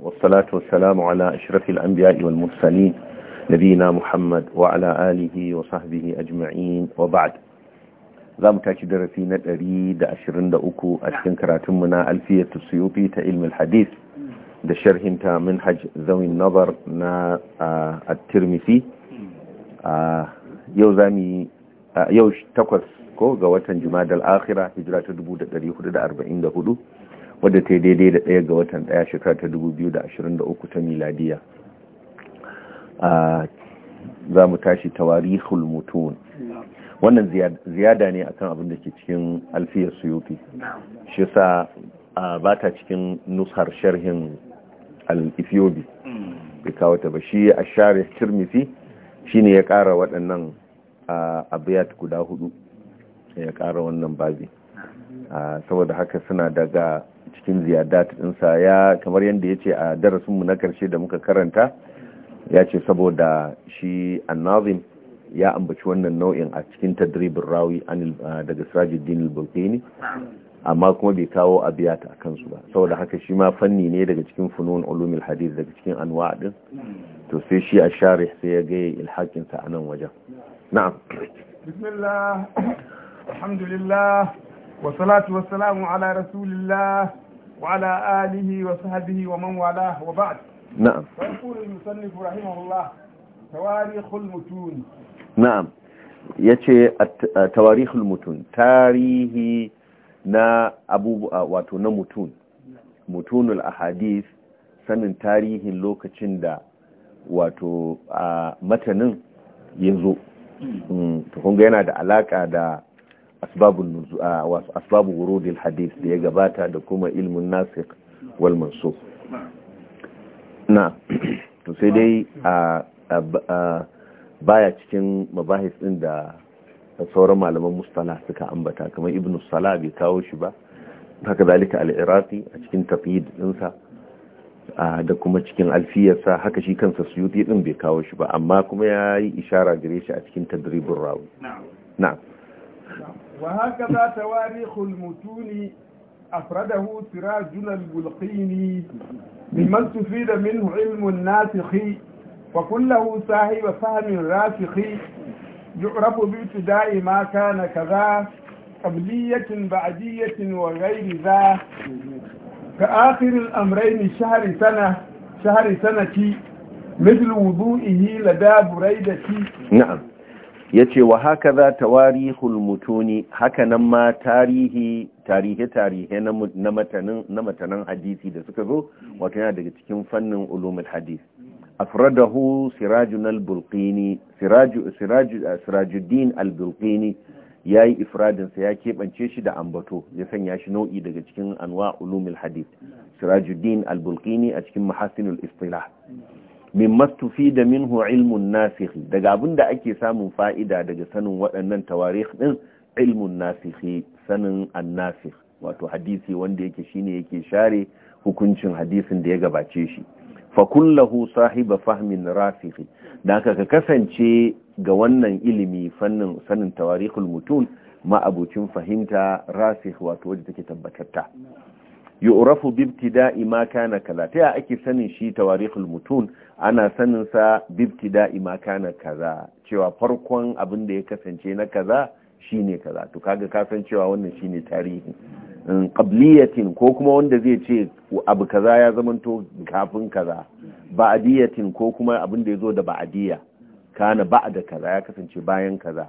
والصلاة والسلام على أشرف الأنبياء والمرسلين muhammad محمد alihi آله وصحبه أجمعين وبعد za mu tashi darasi na 123 a cikin karatunmuna alfiyar suyufi ta ilmin hadis da sharhinta minhaj zawin nazar na at-tirmisi yau zami yau takwas ko ga watan jumadal akhira hijira ta 1444 wadda ta yi daidai da ɗaya ga watan ɗaya shekara ta 2023 ta miladiya za mu tashi tawarihul mutum wannan ziyada ne akan abin da ke cikin alfiyar suyuti shi sa ba ta cikin nusar sharhin al ifiyobi. Mm. bai kawo ta ba shi a share Shi ne ya kara waɗannan abiyat guda hudu ya kara wannan babi saboda haka suna daga cikin ziyadat ɗinsa ya kamar yadda ya ce a darasinmu na karshe da muka karanta ya ce saboda shi annazim ya ambaci wannan nau'in a cikin tadribin rawi daga sirajuddin al-bulkini amma kuma bai kawo abiyat a kansu ba saboda haka shi ma fanni ne daga cikin funon ulumil hadith daga cikin anwa din to sai shi a share sai ya gaya ilhakin sa anan wajen na'am bismillah alhamdulillah wa salatu ala rasulillah وعلى آله وصحبه ومن والاه وبعد نعم ويقول المصنف رحمه الله تواريخ المتون نعم yace tawarihul mutun tarihi na abubuwa wato na mutun mutunul ahadith sanin tarihin lokacin da wato a matanin ya zo to kunga yana da alaka da asbabun asbabu wurudin hadith da ya gabata da kuma ilmin Nasir wal manso na to sai dai a baya cikin mabahis din da sauran malaman mustala suka ambata kamar ibn salah bai kawo shi ba haka zalika al a cikin taqyid dinsa da kuma cikin alfiyarsa haka shi kansa suyuti din bai kawo shi ba amma kuma ya yi ishara gare shi a cikin tadribin rawu. na'am وهكذا تواريخ المتون أفرده سراجنا البلقين ممن تفيد منه علم الناسخ وكله صاحب فهم راسخ يعرف بابتداء ما كان كذا قبلية بعدية وغير ذا كآخر الأمرين شهر سنة شهر سنة مثل وضوئه لدى بريدة نعم ya ce wa haka za wari hulmutuni haka nan ma tarihi tarihe-tarihe na matanan hadisi da suka zo wato yana daga cikin fannin ulumul hadis afradahu sirajun al-bulqini eh, sirajuddin al ya yi ifradinsa ya keɓance shi da ambato ya sanya shi nau'i daga cikin anwa ulumul hadis sirajuddin al-bulqini a cikin mahasinul istilah min mastufi da minhu ilmun nasihi daga abin da ake samun fa'ida daga sanin waɗannan tawarikh ɗin ilmun nasihi sanin annasikh wato hadisi wanda yake shine yake share hukuncin hadisin da ya gabace shi fa kullahu sahiba fahmin rasihi da ka kasance ga wannan ilimi fannin sanin tawarikhul mutun ma abucin fahimta rasikh wato wanda take tabbatatta yu'rafu ibtida'i ma kana kaza ta ake sanin shi tawarikhul mutun ana sanin sa ibtida'i ma kana kaza cewa farkon abin da ya kasance na kaza shine kaza to kaga ka san cewa wannan shine tarihi qabliyatin ko kuma wanda zai ce abu kaza ya zamanto kafin kaza ba'diyatin ko kuma abin da yazo da ba'diya kana ba'da kaza ya kasance bayan kaza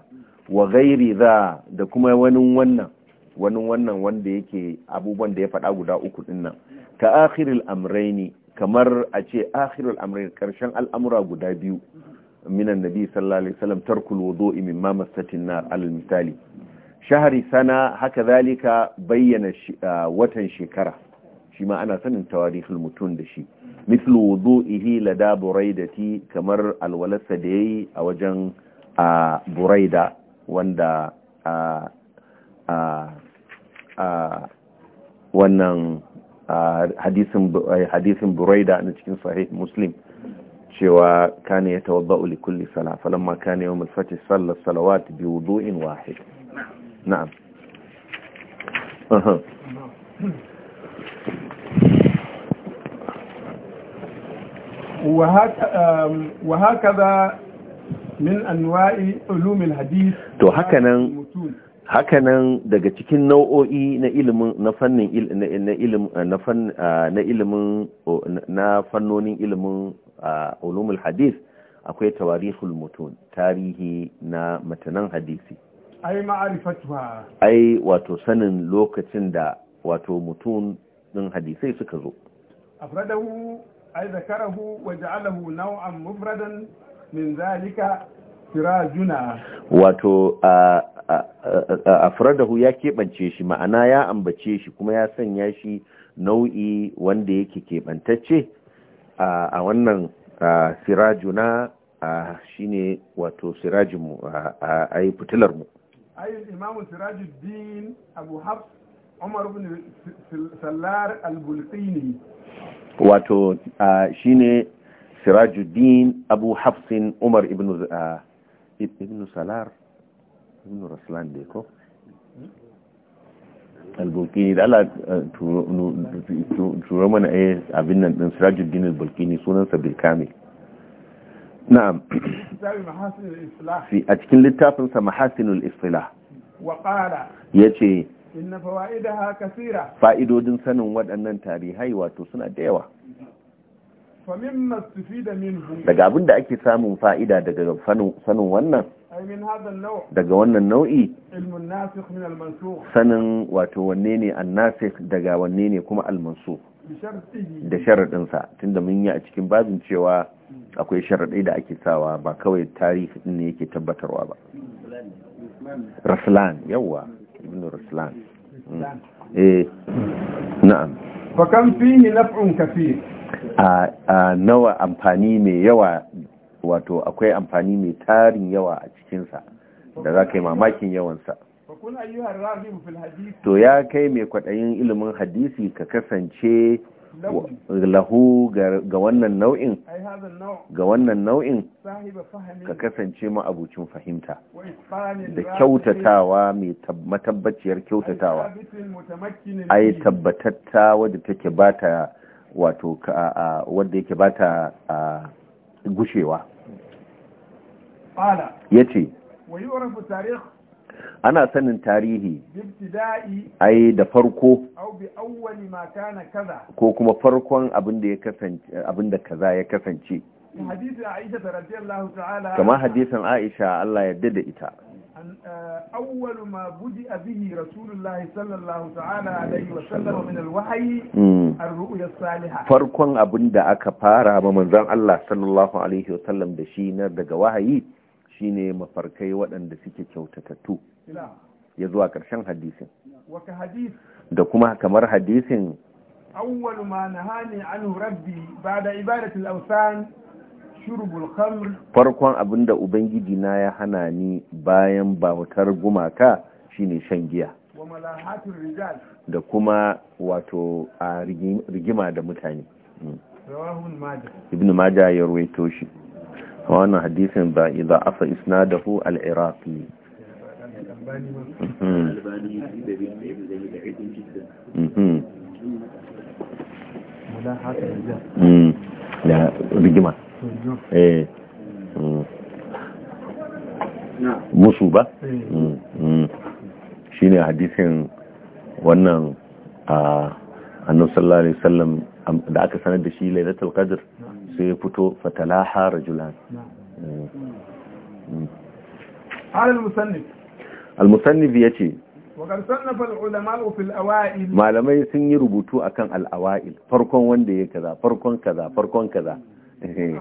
wa ghairi za da kuma wani wannan wani wannan wanda yake abubuwan da ya faɗa guda uku ɗin nan ka akhiril amraini kamar a ce akhiril amrain karshen al'amura guda biyu minan nabi sallallahu alaihi wasallam tarkul wudu'i ma massatin nar al misali shahari sana haka zalika bayyana watan shekara shi ma ana sanin tawarihul mutun da shi mithlu wudu'ihi lada buraidati kamar alwalasa da yayi a wajen a buraida wanda wannan hadisin buraida na cikin sahih muslim cewa kane ya tawabba'u li kulli sala falamma kane yawmul fath sallat salawat bi wudu'in wahid na'am وهكذا من أنواع علوم الحديث to hakanan hakanan daga cikin nau'o'i na ilimin na fannin na ilimin na fannonin ilimin ulumul hadith akwai tawarihul mutun tarihi na matanan hadisi ai ma'rifatuha ai wato sanin lokacin da wato mutun din hadisai suka zo afradahu ai zakarahu wa ja'alahu naw'an mufradan min zalika firajuna wato afradahu ya keɓance shi ma'ana ya ambace shi kuma ya sanya shi nau'i wanda yake keɓantacce a wannan siraju shi shine wato sirajinmu a yi fitilarmu ayin imamu din abu hafs umar ibn sallar al-bulqini wato shine din abu hafsin umar ibn ibn salar ibn raslan dai ko albulkini da ala eh, turo mana a eh, abin nan din sirajuddin albulkini sunansa bilkami na'am a cikin littafinsa mahasinul islah ya ce fa'idodin sanin waɗannan tarihai wato suna da yawa daga abin da ake samun fa'ida daga sanin wannan daga wannan nau'i sanin wato wanne ne annasik daga wanne ne kuma almansu da sharaɗinsa tunda mun yi a cikin babin cewa akwai sharaɗai da ake sawa ba kawai tarihi ɗin ne yake tabbatarwa ba raslan yawa ibn raslan eh na'am fa kam fihi naf'un kafi a nawa amfani mai yawa wato akwai amfani mai tarin yawa a cikinsa da za ka yi mamakin yawansa to ya kai mai kwaɗayin ilimin hadisi ka kasance lahu ga wannan nau'in ga wannan nau'in ka kasance ma'abucin fahimta da kyautatawa mai matabbaciyar kyautatawa ai tabbatatta wadda take bata wato wadda yake bata gushewa ya ce ana sanin tarihi ai da farko ko kuma farkon abin da kaza ya kasance kama hadisan aisha Allah ya da ita أول ما بدأ به رسول الله صلى الله تعالى عليه وسلم من الوحي الرؤيا الصالحة أبن فارا ممن الله صلى الله عليه وسلم وحي shine mafarkai waɗanda suke kyautatattu ya zuwa ƙarshen hadisin da kuma kamar hadisin awwal ma nahani an rabbi ba'da ibadatul awsan shurbul khamr farkon abinda ubangiji na ya hana ni bayan bautar gumaka shine shan giya da kuma wato a rigima da mutane ibn majah ya ruwaito shi wannan hadisin ba idza asa isnadahu al-iraqi da mhm. mhm. mhm. rigima eh. hmm. musu ba hmm. hmm. ne hadisin wannan a ah, annabi sallallahu alaihi wasallam da aka sanar da shi lailatul qadr sai ya fito fatalaha julan mm. al-musannif ya ce malamai sun yi rubutu akan al'awa'il farkon wanda ya kaza farkon kaza farkon kaza ibn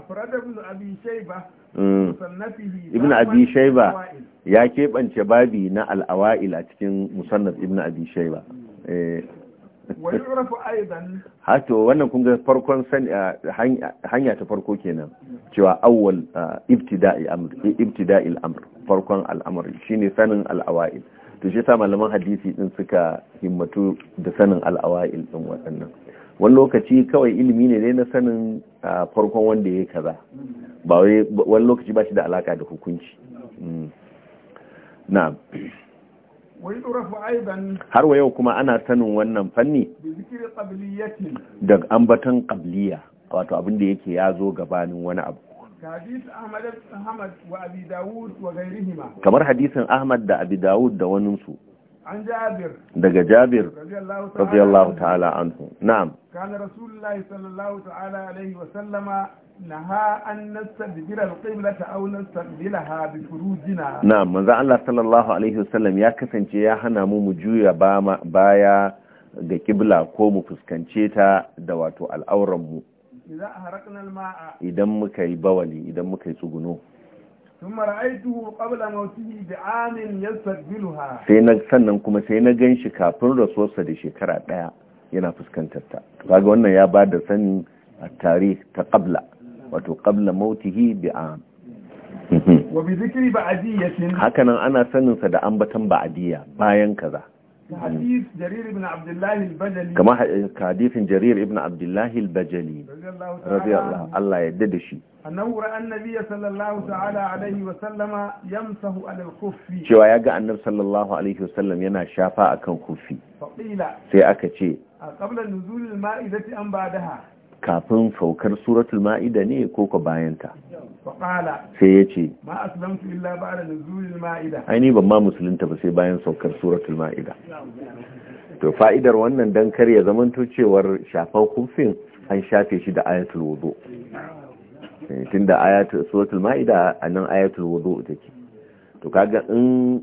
abi shaiba mm. ya keɓance babi na al'awa'il a cikin musannaf ibn abi shaiba eh, hato wannan kun ga farkon hanya ta farko kenan cewa awwal ibtida'i amr ibtida'il amr farkon al'amari shine sanin al'awail to shi sa malaman hadisi din suka himmatu da sanin al'awail din waɗannan wani lokaci kawai ilimi ne dai na sanin farkon wanda ya kaza ba wani lokaci ba shi da alaka da hukunci hmm. na'am har wa yau kuma ana sanin wannan fanni da ambatan kabliya wato abin da yake ya zo gabanin wani abu kamar hadisin ahmad da abi dawud da waninsu daga jabir radiyallahu ta'ala anhu na'am kana rasulullahi sallallahu ta'ala alaihi wa sallama naha an nastadbira alqiblata aw nastaqbilaha bi furujina na'am manzo Allah sallallahu alaihi wasallam ya kasance ya hana mu mu juya baya ga kibla ko mu fuskance ta da wato al'auran mu idan muka yi bawali idan muka yi tsuguno ثم رأيته قبل موته بعام يستقبلها sai na sannan kuma sai na gan shi kafin rasuwarsa da shekara daya yana fuskantar ta kaga wannan ya ba da sanin a tarih ta qabla wato ƙabla mautihi bi'a haka ana saninsa da ambatan ba'adiyya bayan kaza kama hadifin jarir ibn abdullahi al-bajali eh, Allah ya dade shi annahu ra'a annabi sallallahu cewa yaga annabi sallallahu alayhi wa sallam yana shafa akan kufi, sai aka ce qabla nuzul al-ma'idati an kafin saukar suratul ma'ida ne ko ka bayanta sai ya ce aini ban ma musulunta ba sai bayan saukar suratul ma'ida to fa'idar wannan dan kar ya zamanto cewar shafan kufin an shafe shi da ayatul wudu eh, tun da ayatul suratul ma'ida a nan ayatul wudu take to kaga in in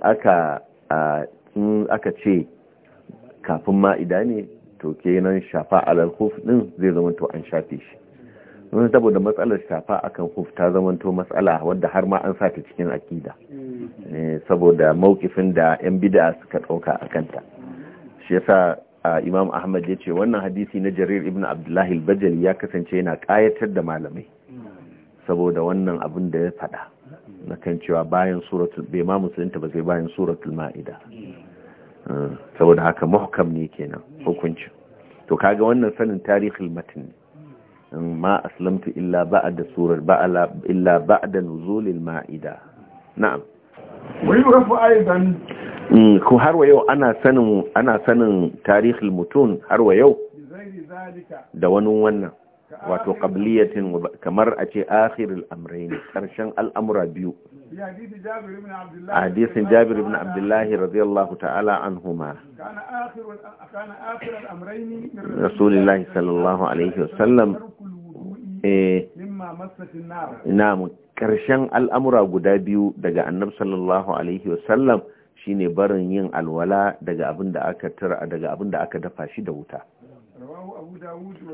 aka in aka ce kafin ma'ida ne to kenan shafa alal khuf din zai zama to an shafe shi don saboda matsalar shafa akan khuf ta zama to matsala wadda har ma an sata cikin akida eh, saboda mawkifin da yan bid'a suka dauka akan ta shi yasa Imam Ahmad ya ce wannan hadisi na Jarir ibn Abdullah al-Bajali ya kasance yana kayatar da malamai saboda wannan abin da ya fada na kan cewa bayan suratul bai ma musulunta ba sai bayan suratul ma'ida saboda haka muhkam ne kenan hukuncin to kaga wannan sanin tarihil matan ma aslamtu illa ba'da surar ba'ala illa ba'da nuzulil ma'ida na'am wai rafu aidan ko har wa yau ana sanin ana sanin tarihil mutun har wa yau da wani wannan wato qabliyatin kamar a ce akhirul ne karshen al'amura biyu A hadisin jabir ibn abdullahi radiyallahu ta'ala an huma. akhirul rasulillahi sallallahu alaihi wasallam eh na'am karshen al'amura guda biyu daga annab sallallahu alaihi wasallam shine barin yin alwala daga abin da aka dafa shi da wuta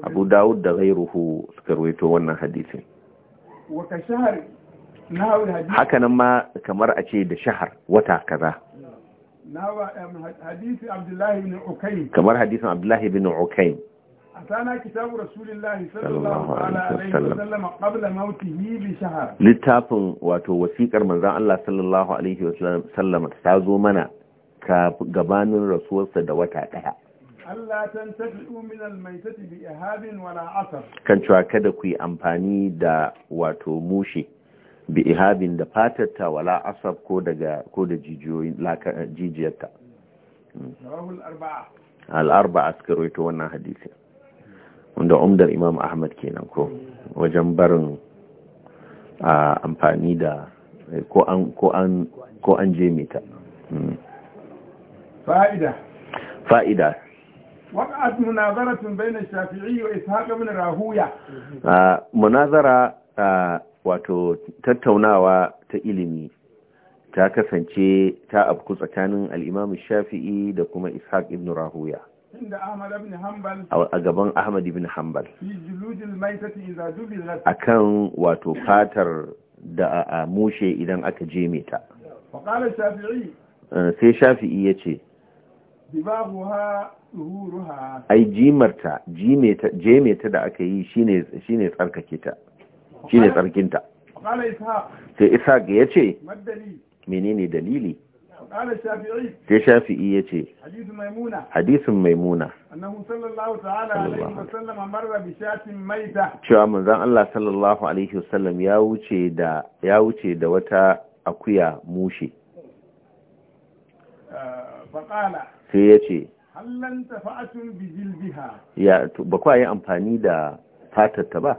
abu dawud da ghairuhu suka rawaito wannan hadisin hakanan ma kamar a ce da shahar wata kaza kamar hadisin abdullahi bin ukaim أتانا كتاب رسول الله صلى الله عليه وسلم قبل موته بشهر لتافن واتو وسيقر من ذا الله صلى الله عليه وسلم تسازو منا كغبان رسول صدوات أتها Allah tantafi'u min almaitati bi ihabin wala asar kan cewa kada ku yi amfani da wato mushe bi ihabin da fatatta wala asab ko daga ko da jijiyoyin laka jijiyarta hmm. al-arba'a suka rawaito wannan hadisi wanda umdar imam ahmad kenan ko wajen barin amfani da ko an ko an ko an je mita hmm. fa'ida fa'ida وقعت مناظرة بين الشافعي وإسحاق بن راهوية مناظرة wato tattaunawa ta ilimi ta kasance ta abku tsakanin al'imam shafi'i da kuma ishaq ibn rahuya a gaban ahmad ibn hanbal a kan wato fatar da a mushe idan aka je ta sai shafi'i ya ce ai jimarta jimeta da aka yi shine tsarkake ta shine tsarkinta sai ishaq ya ce menene dalili sai shafi'i ya ce hadisun maimuna cewa manzan Allah sallallahu alaihi wasallam ya wuce da wata akuya mushe eh, sai ya ce hallan tafa'atun bi jildiha ya ba kwa yi amfani da fatar ta ba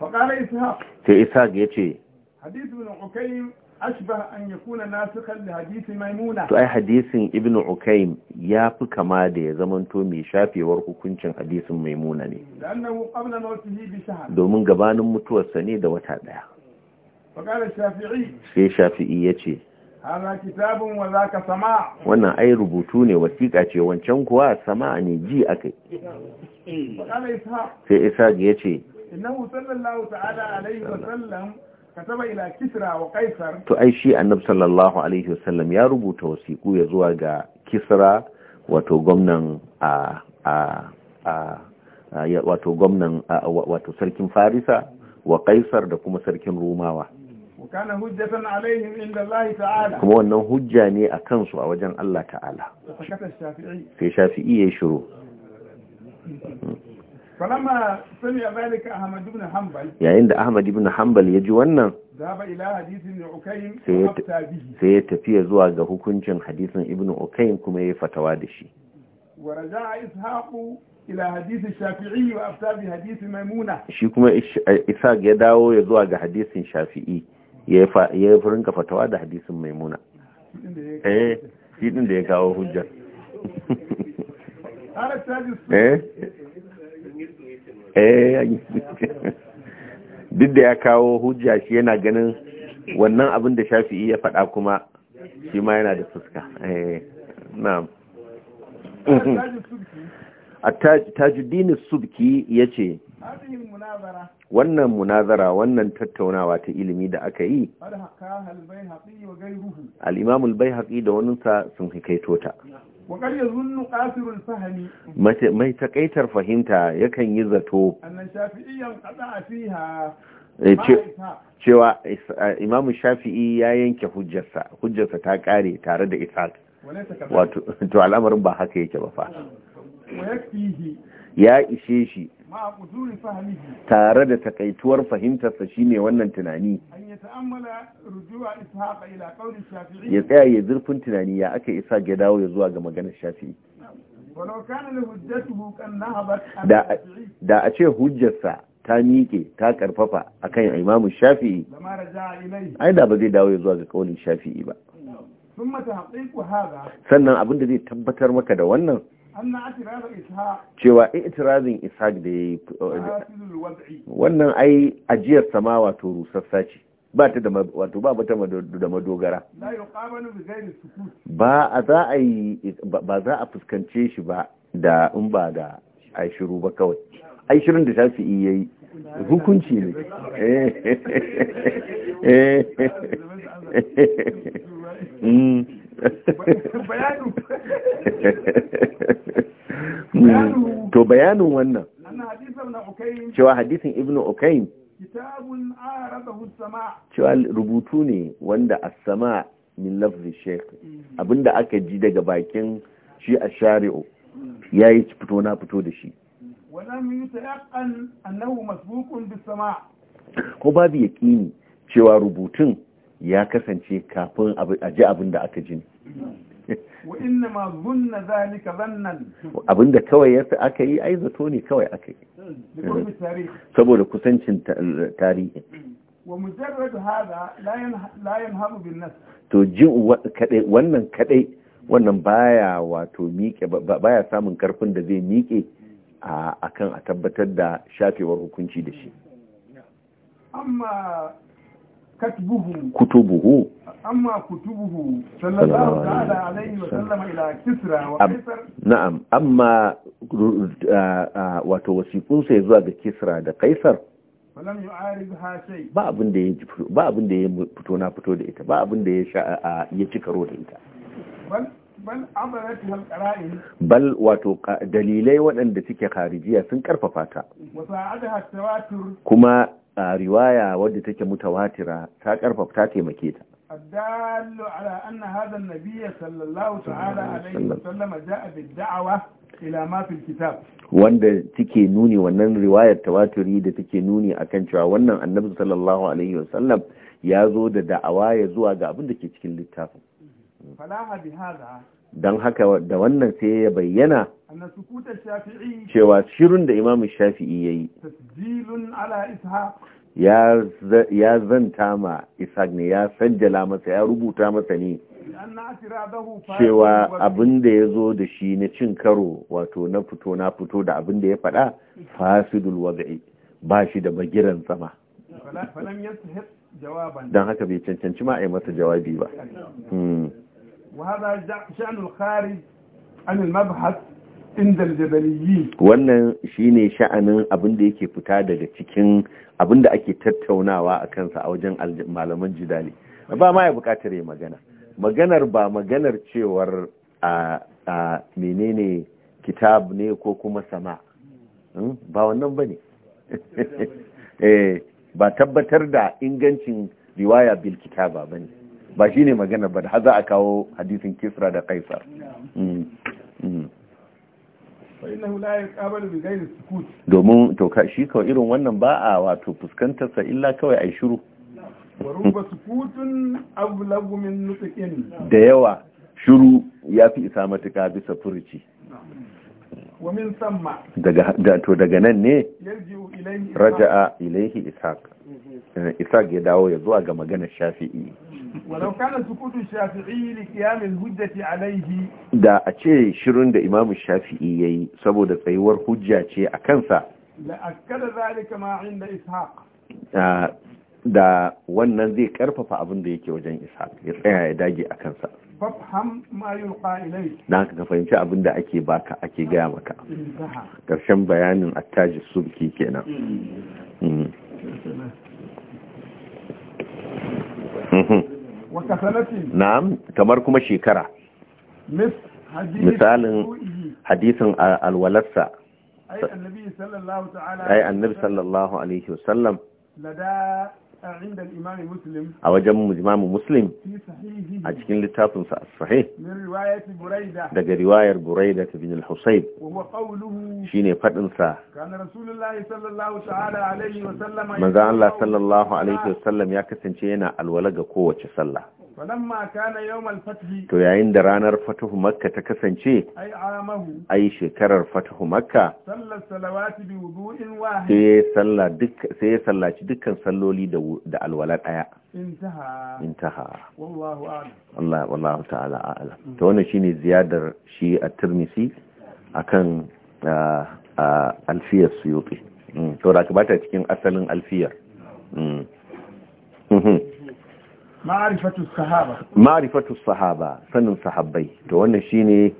faqala ishaq sai ishaq yace hadith ibn ukaym ashbah an yakuna nasikhan li hadith maimuna to ai hadisin ibn ukaym ya fi kama da ya zamanto mai shafewar hukuncin hadisin maimuna ne annahu qabla mawtihi bi shahr domin gabanin mutuwarsa ne da wata daya faqala shafi'i sai shafi'i yace wannan ai rubutu ne wasiƙa ce wancan kuwa sama ne ji akai sai isa ya ce sallam, ila wa Kaisar? to ai shi annab sallallahu alaihi sallam, ya rubuta wasiƙu ya zuwa ga kisra wato gwamnan a a wato gwamnan wato sarkin farisa wa kaisar da kuma sarkin rumawa kuma wannan hujja ne a kansu a wajen Allah ta'ala sai shafi'i ya shiru yayin da ahmad ibn Hambal ya ji wannan sai ya tafiya zuwa ga hukuncin hadisin ibn ukaim kuma ya fatawa da shi ila hadisin shafi'i wa afta maimuna shi kuma ishaq ya dawo ya zuwa ga hadisin shafi'i ya fi rinka fatawa da hadisin maimuna eh shi din da ya kawo hujja eh, eh, duk da ya kawo hujja shi yana ganin wannan abin da shafi iya faɗa kuma shi ma yana da fuska A eh, na'am subki ya ce. wannan munazara wannan tattaunawa ta ilimi da aka yi Al'imamul bai haƙi da waninsa sun haikaito ta mai taƙaitar fahimta yakan yi zato eh, cewa imam shafi'i ya yanke hujjarsa hujjarsa ta ƙare, tare da ishaq wato to al'amarin ba haka yake ba fa ya ishe shi tare da takaituwar fahimtarsa shine wannan tunani ya tsaya ya zurfin tunani ya aka isa ga dawo ya zuwa ga maganar shafi. da a ce hujjarsa ta miƙe ta karfafa akan imamu shafi'i ai da ba zai dawo ya zuwa ga kaulin shafi'i ba sannan abin da zai tabbatar maka da wannan cewa itirazin ishaq da ya yi wannan ai ajiyar sama wato rusassa ce ba ta da wato ba ta da madogara ba za a yi ba fuskance shi ba da in ba da aishiru ba kawai aishirin da shafi shafi'i yayi hukunci ne eh, eh. Hmm. to bayanin wannan cewa hadisin ibn ukaim cewa rubutu ne wanda a sama min lafzi sheikh hmm. abinda aka ji daga bakin shi a shari'o ya yi fito na fito da shi ko babu yaƙini cewa rubutun ya kasance kafin a ji abin da aka ji ne. abinda kawai ya aka yi ai zato ne kawai aka yi saboda kusancin tarihi to ji wannan kadai wannan baya wato miƙe baya samun karfin da zai miƙe a kan a tabbatar da shafewar hukunci da shi amma kutubuhu amma kutubuhu sallallahu ta'ala alaihi wa ila kisra wa na'am amma wato ya zuwa ga kisra da kaisar ba abin da ya ba abin da ya fito na fito da ita ba abin da ya ci karo da ita bal wato dalilai waɗanda suke kharijiya sun karfafa ta kuma a riwaya wadda take mutawatira ta karfafa ta taimake ta wanda take nuni wannan riwayar tawaturi da take nuni a kan cewa wannan annabi sallallahu alaihi wasallam ya zo da da'awa ya zuwa ga abin da ke cikin littafin don haka da wannan sai ya bayyana cewa shirin da imamu shafi'i ya yi ya zanta ma ishaq ne ya sanjala masa ya rubuta masa ne cewa abin da ya zo da shi na cin karo wato na fito na fito da abin da ya faɗa fasidul waga'i, ba shi da bagiran sama don haka bai cancanci ma a yi masa jawabi ba hmm. وهذا شأن الخارج عن المبحث عند الجبليين wannan shine sha'anin abin da yake fita daga cikin abin da ake tattaunawa a kansa a wajen malaman jidali ba ma ya bukatar ya magana maganar ba maganar cewar a menene kitab ne ko kuma sama hmm? ba wannan ba ne eh, ba tabbatar da ingancin riwaya bil kitaba ba ne ba shi ne magana ba da haza a kawo hadisin kisra da kaisar mm, mm. domin to shi kawai irin wannan ba a wato fuskantarsa illa kawai a shiru da yawa shiru ya fi isa matuka bisa furuci to daga nan ne raja'a ilaihi ishaq mhm. eh, ishaq ya dawo ya zuwa ga maganar shafi'i ولو kana sukutu الشافعي لقيام qiyamil عليه دا da شرون دا shirin الشافعي imamu shafi'i yayi saboda tsayuwar hujja ce a kansa la akkada zalika ma inda wannan zai karfafa abin da yake wajen ishaq ya tsaya ya dage a kansa fafham ma yulqa ilayk dan ka fahimci abin da ake baka ake gaya maka karshen bayanin attaji subki kenan mhm na'am kamar kuma shekara misalin hadisin alwalarsa ai annabi sallallahu alaihi wasallam a wajen imamu muslim a cikin littafinsa a sahih daga riwayar buraida ta bin al shi ne fadinsa manzan Allah sallallahu alaihi wasallam ya kasance yana alwala ga kowace sallah to yayin da ranar fatuhu makka ta kasance ai shekarar fatuhu makka sai ya sallaci dukkan salloli da alwala daya intaha Allah wallahu ta'ala a'ala to wannan shine ziyadar shi a tirmisi akan alfiyar suyuti to da ka bata cikin asalin alfiyar ma'arifatu sahaba ma'arifatu sahabbai to wannan shi ne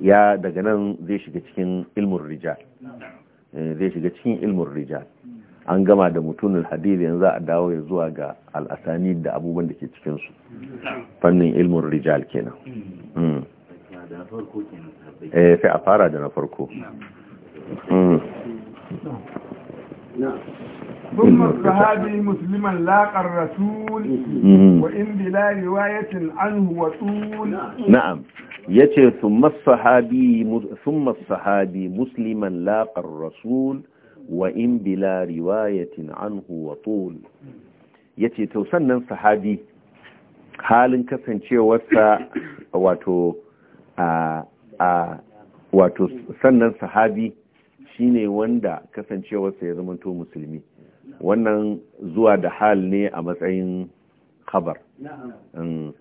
ya daga nan zai shiga cikin ilmun rijal eh, zai shiga cikin ilmun rijal an gama da mutunin hadith yanzu a dawo ya zuwa ga al'asani da abubuwan da ke cikinsu, fannin ilmun rijal kenan hmm. eh, sai a fara da na farko hmm. ثم الصحابي مسلما لاقى الرسول وإن بلا رواية عنه وطول نعم يتي ثم الصحابي ثم الصحابي مسلما لاقى الرسول وإن بلا رواية عنه وطول يتي توسنن صحابي halin kasancewarsa wato a wato sannan sahabi shine wanda kasancewarsa ya zamanto musulmi wannan zuwa da hal ne a matsayin khabar mm.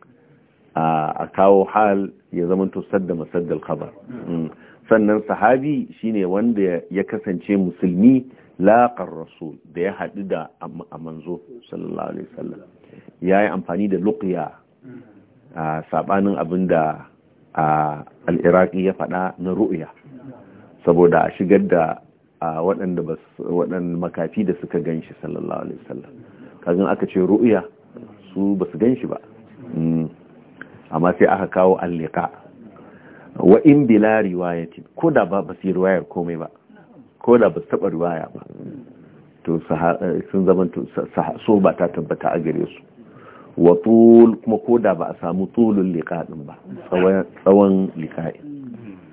a kawo hal ya zamanto sadda masaddal khabar mm. sannan sahabi shine wanda ya kasance musulmi laƙar rasul da ya haɗu da amanzo sallallahu alaihi wasallam ya yi amfani da luqya a saɓanin abinda al-iraqi ya faɗa na ru'ya saboda a shigar da waɗanda makafi da suka gan shi sallallahu alaihi wasallam kazan aka ce ru'ya su ba su gan shi ba mm. amma sai aka kawo allika wa in bila riwayati ko da ba ba su yi riwayar komai ba ko da ba su taɓa riwaya ba to sun zama so ba ta tabbata a gare su wa tul kuma ko da ba a samu tulun liƙa ɗin ba tsawon liƙa'in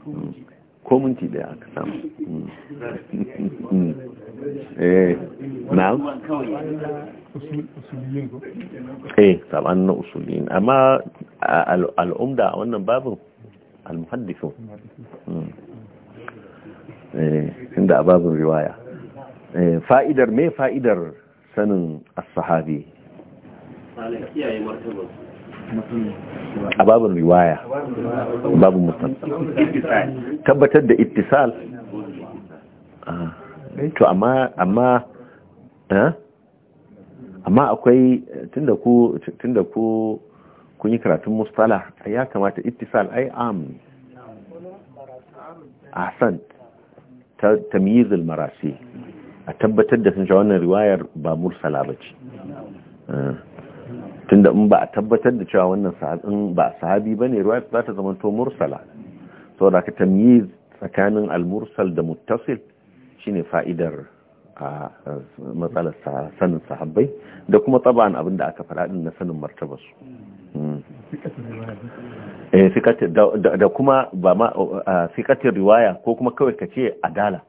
mm. ko minti daya aka samu mm. eh, eh na eh saban na usulin amma al'umda a wannan babin al muhaddisu mm. eh inda a babin riwaya eh, fa'idar me fa'idar sanin as-sahabi kiyaye martabarsu a babin riwaya babin musamman tabbatar da ittisal ah, to amma amma eh? amma akwai tunda ku tunda ku kun yi karatun mustala ya kamata ittisal ai am ta tamyizul marasi a tabbatar da sun sha wannan riwayar ba mursala bace ah. tunda in ba a tabbatar da cewa wannan sahabin ba sahabi bane ruwa za ta zama to mursala saboda ka tamyiz tsakanin al-mursal da muttasil shine fa'idar a matsalar sanin sahabbai da kuma tsaban abin da aka fara din na sanin martaba su hmm. eh da kuma ba ma fikatir riwaya ko kuma kawai kace adala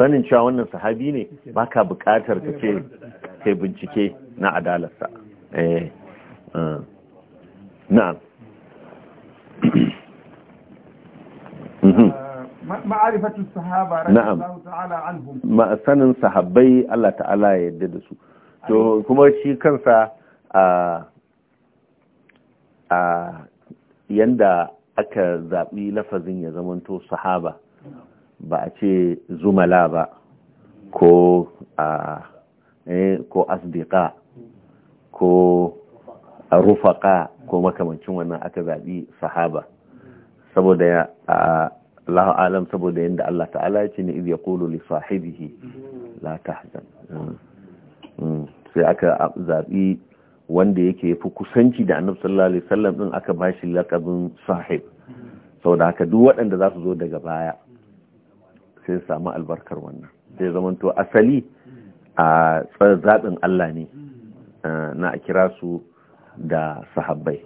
sanin cewa wannan sahabi ne baka buƙatar ce kai bincike na adalarsa Eh, eh na'am mhm. uh, ma'arifatu sahaba ta'ala anhum ma sanin sahabbai Allah ta'ala ya yarda da su to kuma shi kansa a a yanda aka zaɓi lafazin ya zamanto sahaba ba a ce zumala ba ko a eh, ko asdiqa ko a rufaka ko makamancin wannan aka zaɓi sahaba saboda ya Allah alam saboda yadda Allah ta'ala ya ce ne iz yaqulu li sahibihi la tahzan mm. Mm. sai aka zaɓi wanda yake fi kusanci da annabi sallallahu alaihi wasallam din aka bashi lakabin sahib saboda haka duk waɗanda za su zo daga baya sai samu albarkar wannan sai zamanto asali a zaɓin Allah ne Eh, na a kira su da sahabbai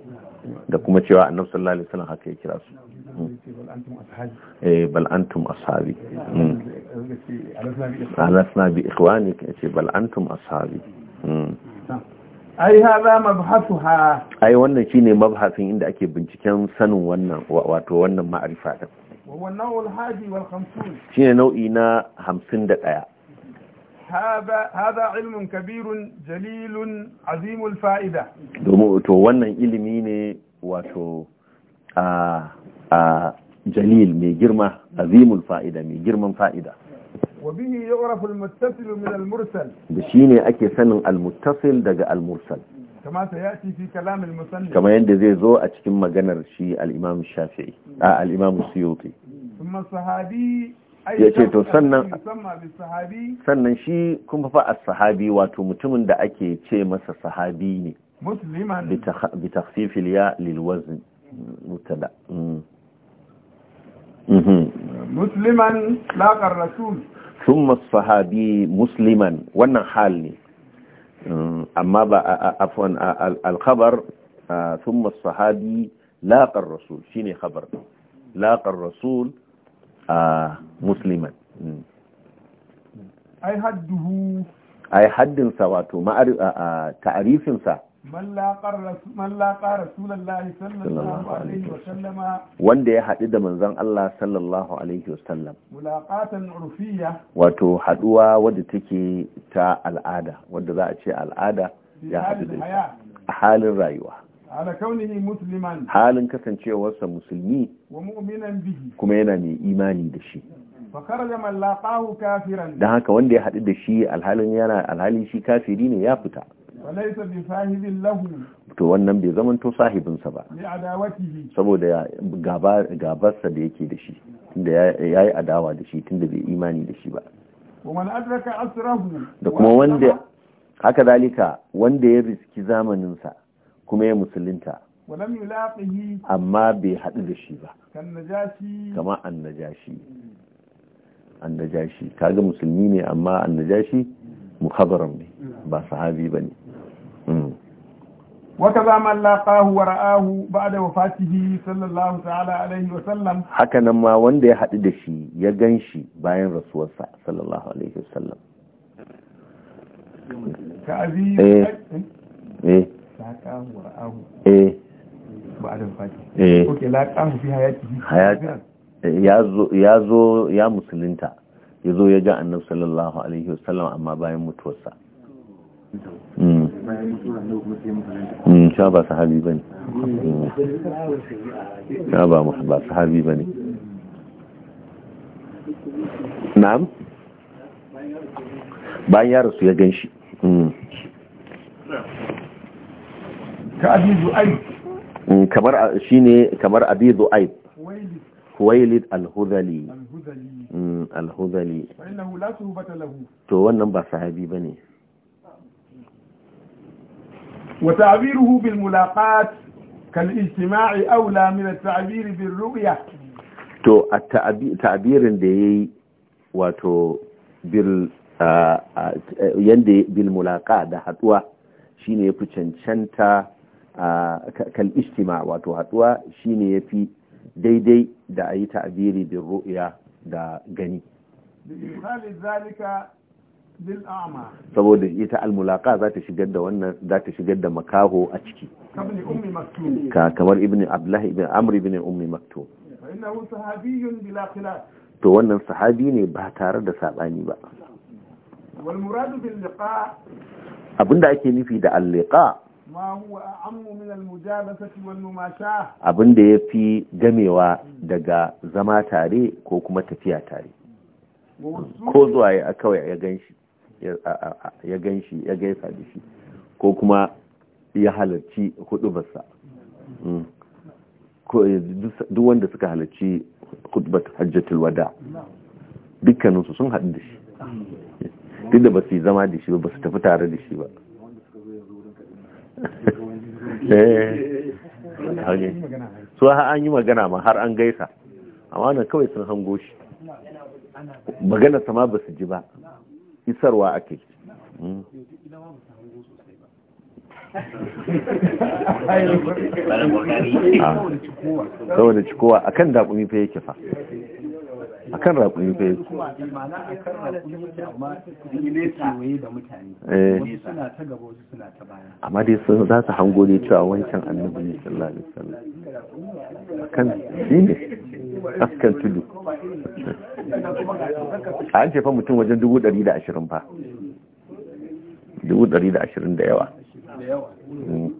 da kuma cewa annab sallallahu alaihi wasallam haka ya kira su mm. eh bal antum ashabi mm. alasna bi ikhwani ce bal antum ashabi mm. ai hada mabhasuha ai wannan shine mabhasin inda ake binciken sanin wannan wato wannan ma'arifa din wannan wal hadi wal 50 shine nau'i na 51 هذا هذا علم كبير جليل عظيم الفائدة تو wannan ilimi ne wato a a jalil mai girma azimul fa'ida mai girman fa'ida wa bihi yu'rafu al-muttasil min al-mursal da shine ake sanin al-muttasil daga al-mursal kama sayati fi kalam al-musannif kama yanda zai zo a cikin maganar shi al-imam shafi'i al-imam suyuti sahabi ya ce to sannan sannan shi kuma fa a sahabi wato mutumin da ake ce masa sahabi ne bi takhfifil ya lil wazn mutada mm. mm-hmm. musliman laqar rasul thumma sahabi musliman wannan hal ne mm. amma ba afwan al'khabar sun masu sahabi laqar rasul shine khabar laqar rasul a musliman mm. ai hadduhu ai haddinsa wato ta'arifinsa wanda ya haɗu da manzon Allah sallallahu alaihi wasallam wato haɗuwa wadda take ta al'ada wadda za a ce al'ada ya haɗu da a halin rayuwa halin kasancewarsa musulmi kuma yana mai imani da shi fa kafiran haka wanda ya hadu da shi alhalin yana alhalin shi kafiri ne ya fita to wannan bai zaman to sahibinsa ba saboda gabarsa da yake da shi tunda yi adawa da shi tunda bai imani da shi ba da kuma wanda haka zalika wanda ya riski zamaninsa kuma ya musulunta amma bai haɗu da shi ba kama annajashi annajashi kaga musulmi ne amma annajashi muhabaran ne ba sahabi ba ne وكذا من لاقاه ورآه بعد وفاته sallallahu ta'ala تعالى عليه وسلم haka nan ma wanda ya haɗu da shi ya gan shi bayan rasuwarsa sallallahu alaihi wasallam ka aziz eh, hmm? eh. ya musulunta ya zo ya ga annabi sallallahu alaihi wasallam amma bayan mutuwarsa hmm. Hmm, hmm. sha ba ba ne bayan ya rasu ya gan shi Mm, kamar shine kamar abi Huwailid al-Hudhali al mm, to wannan ba sahabi ba ne. wa ta'biruhu bil mulaqat kal ijtima'i aula min at-ta'bir bil ru'ya to at-ta'birin da yayi wato bil yanda bil mulaqa da haduwa shine yafi cancanta kal ijtima wato haduwa shine yafi daidai da ayi ta'biri bil ru'ya da gani saboda ita almulaka za ta shigar da wannan za ta shigar da makaho a ciki kamar ibn abdullahi ibn amr ibn ummi maktum to wannan sahabi ne ba tare da sabani ba abinda ake nufi da alliqa abin da fi gamewa daga zama tare ko kuma tafiya tare ko zuwa ya kawai ya ganshi ya ya gaisa da shi ko kuma ya halarci hudubarsa mm. duk wanda suka halarci hudbat hajjatul wada dukkaninsu sun haɗu da shi duk da ba su yi zama da shi ba ba su tafi tare da shi ba Eh, su har an yi magana ma har an gaisa amma nan kawai sun hango shi magana sama ba su ji ba isarwa ake hmm. ah, saboda cikowa akan dakumi fa yake fa a kan raƙuni fa yake amma dai sun za su hango ne cewa wancan annabi ne sallallahu alaihi wasallam akan shi ne kan tudu an ce fa mutum wajen dubu ɗari da ashirin fa dubu ɗari da ashirin da yawa mm.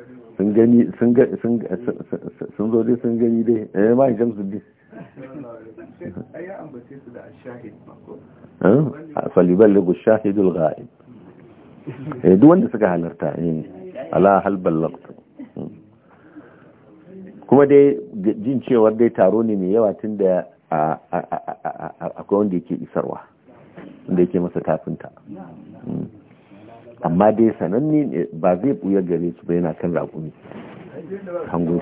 sun gani sun ga sun sun zo dai sun gani dai eh ma dai. din ayya ambace su da shahid mako eh faliballighu shahidul eh duk wanda suka halarta eh ala hal ballaqtu kuma dai jin cewar dai taro ne mai yawa tunda akwai wanda yake isarwa wanda yake masa tafinta hmm. amma dai sananne ba zai buya gare su ba yana kan raƙumi hango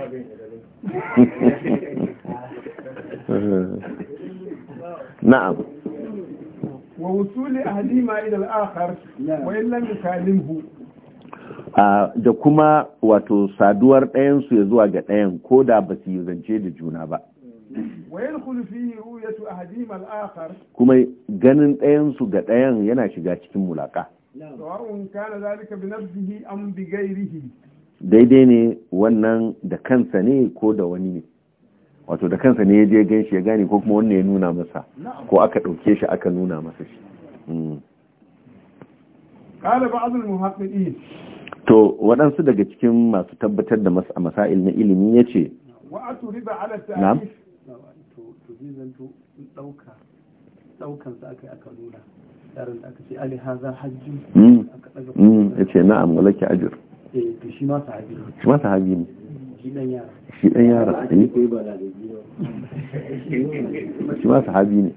na'am wa wusuli ahlima ila akhar wa illam yukalimhu da kuma wato saduwar ɗayan su ya zuwa ga ɗayan ko da ba su zance da juna ba kuma ganin ɗayan su ga ɗayan yana shiga cikin mulaka sawa'un kana zalika bi nafsihi am bi daidai ne wannan da kansa ne ko da wani ne wato da kansa ne ya je gan shi ya gane ko kuma wannan ya nuna masa ko aka ɗauke shi aka nuna masa shi mm. to waɗansu daga cikin masu tabbatar da masail na ilimi ya ce wa'atu ɗaukansa aka aka nuna yaron da aka ce ali haza hajji hmm. hmm. ya ce na'am walaki ajir eh, shi ma sahabi ne shi ɗan yara eh? shi ma sahabi ne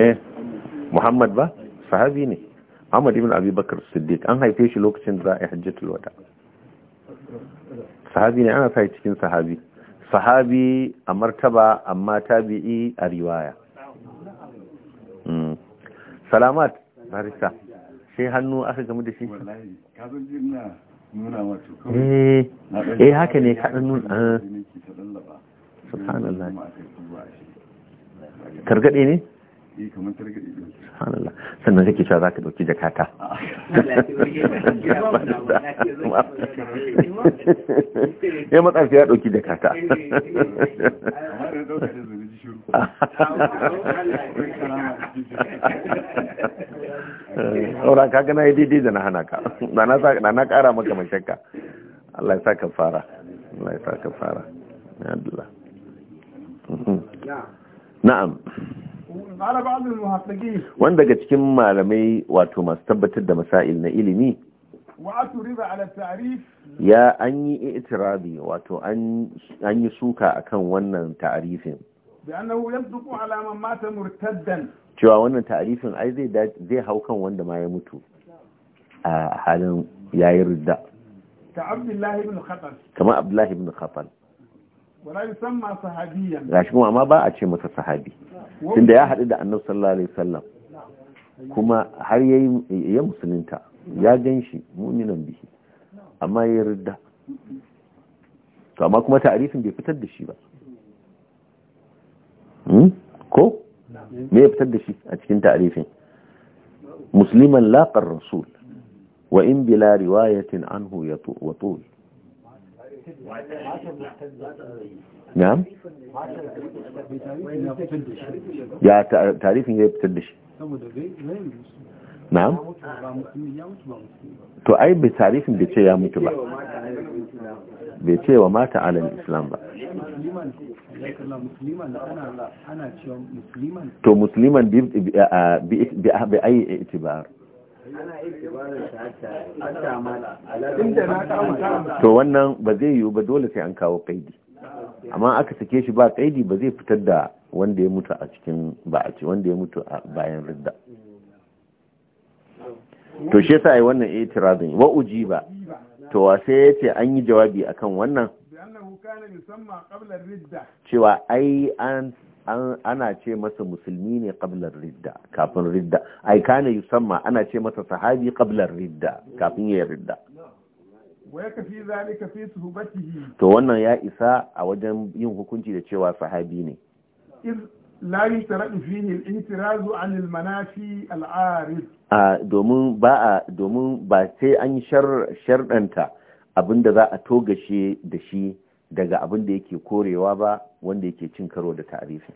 eh muhammad ba sahabi ne ahmad ibn abi bakar siddiq an haife shi lokacin da za a yi hajjatul wada sahabi ne ana sa cikin sahabi sahabi a martaba amma tabi'i a riwaya salamat barista sai hannu aka gamu da shi eh, eh haka ne kaɗan nuna ah. subhanallah kargaɗe ne Eh, subhanallah sannan ke cewa za zaka dauki jakata ya eh, matsarci ya dauki jakata saura kaga na yi daidai da na hana ka da na kara maka mai shakka. Allah ya sa ka fara Allah ya sa ka fara na'am wanda daga cikin malamai wato masu tabbatar da masail na ilimi ya an yi itirabi wato an yi suka akan wannan ta'arifin cewa wannan ta'arifin ai zai hau kan wanda ma ya mutu a halin yayin ridda kamar abdullahi ibn khatan gashi kuma amma ba a ce masa sahabi tunda ya haɗu da annabi sallallahu alaihi wasallam kuma har yayi ya musulunta ya ganshi mu'minan bihi amma ya ridda to amma kuma ta'arifin bai fitar da shi ba hmm? ko me ya fitar da shi a cikin ta'arifin musliman laqar rasul wa in bila riwayatin anhu ya wa tul na'am ya tarifin ya fitar da shi Na? to ai bai tarifin bai ce ya mutu ba bai ce wa mata alal islam ba to musulman bi ai itibar to wannan ba zai yiwu ba dole sai an kawo kaidi amma aka sake shi ba kaidi ba zai fitar da wanda ya mutu a cikin ba a ci wanda ya mutu a bayan ridda to shi yasa ai wannan itirazin wa ba to wa sai yace an yi jawabi akan wannan cewa ai an ana ce masa musulmi ne qablar ridda kafin ridda ai kana yusamma ana ce masa sahabi qablar ridda kafin ya ridda to wannan ya isa a wajen yin hukunci da cewa sahabi ne la yushtaradu fihi domin ba domin ba sai an shar shardanta abinda za a togashe da shi daga abin da yake korewa ba wanda yake cin karo da ta'arifin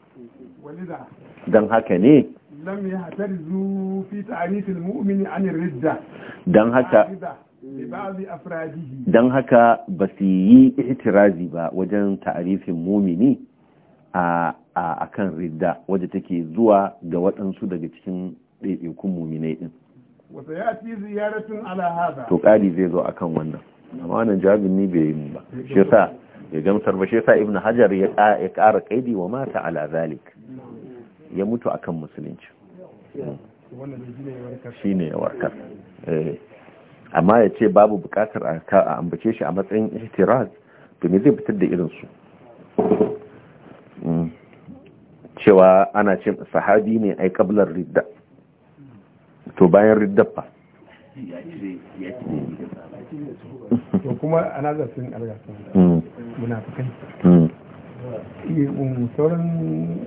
don haka ne lam yahtarizu fi ta'rif al-mu'min 'an ar-ridda dan haka Don haka ba su yi itirazi ba wajen ta'rifin mu'mini a kan ridda wadda take zuwa ga waɗansu daga cikin ɗaiɗaikun mu'minai haza. to ƙari zai zo akan wannan amma wannan jawabin ni bai yi ba shi sa ya gamsar ba shi yasa ibnu hajar ya ƙara kaidi wa mata ala zalik ya mutu akan musulunci shine ya warkar eh. amma ya ce babu bukatar a ambace shi a matsayin ihtiraz to me zai fitar da irinsu hmm. cewa ana ce sahabi ne ai kablar ridda to bayan ridda fa to kuma ana zafin munafikai hmm. um, sauran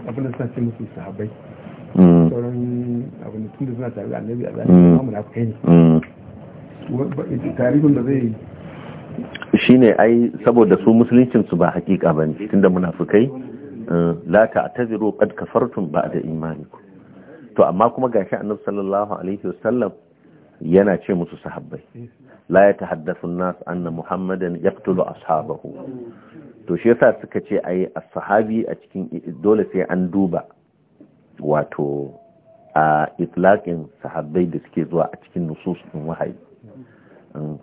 abin da suna ce musu sahabbai hmm. sauran abin da tun da suna tare da annabi a hmm. zai kuma munafikai ne tarihin da zai Shi ne ai saboda su musuluncin su ba hakika bane tunda munafikai eh, la ta'taziru qad kafartum da imaniku. to amma kuma gashi annabi sallallahu alaihi wasallam yana ce musu sahabbai la ya tahaddathu nas anna muhammadan yaqtulu ashabahu to shi yasa suka ce ai ashabi sahabi a cikin dole sai an duba wato a itlaqin sahabbai da suke zuwa a cikin nusus din wahayi mm.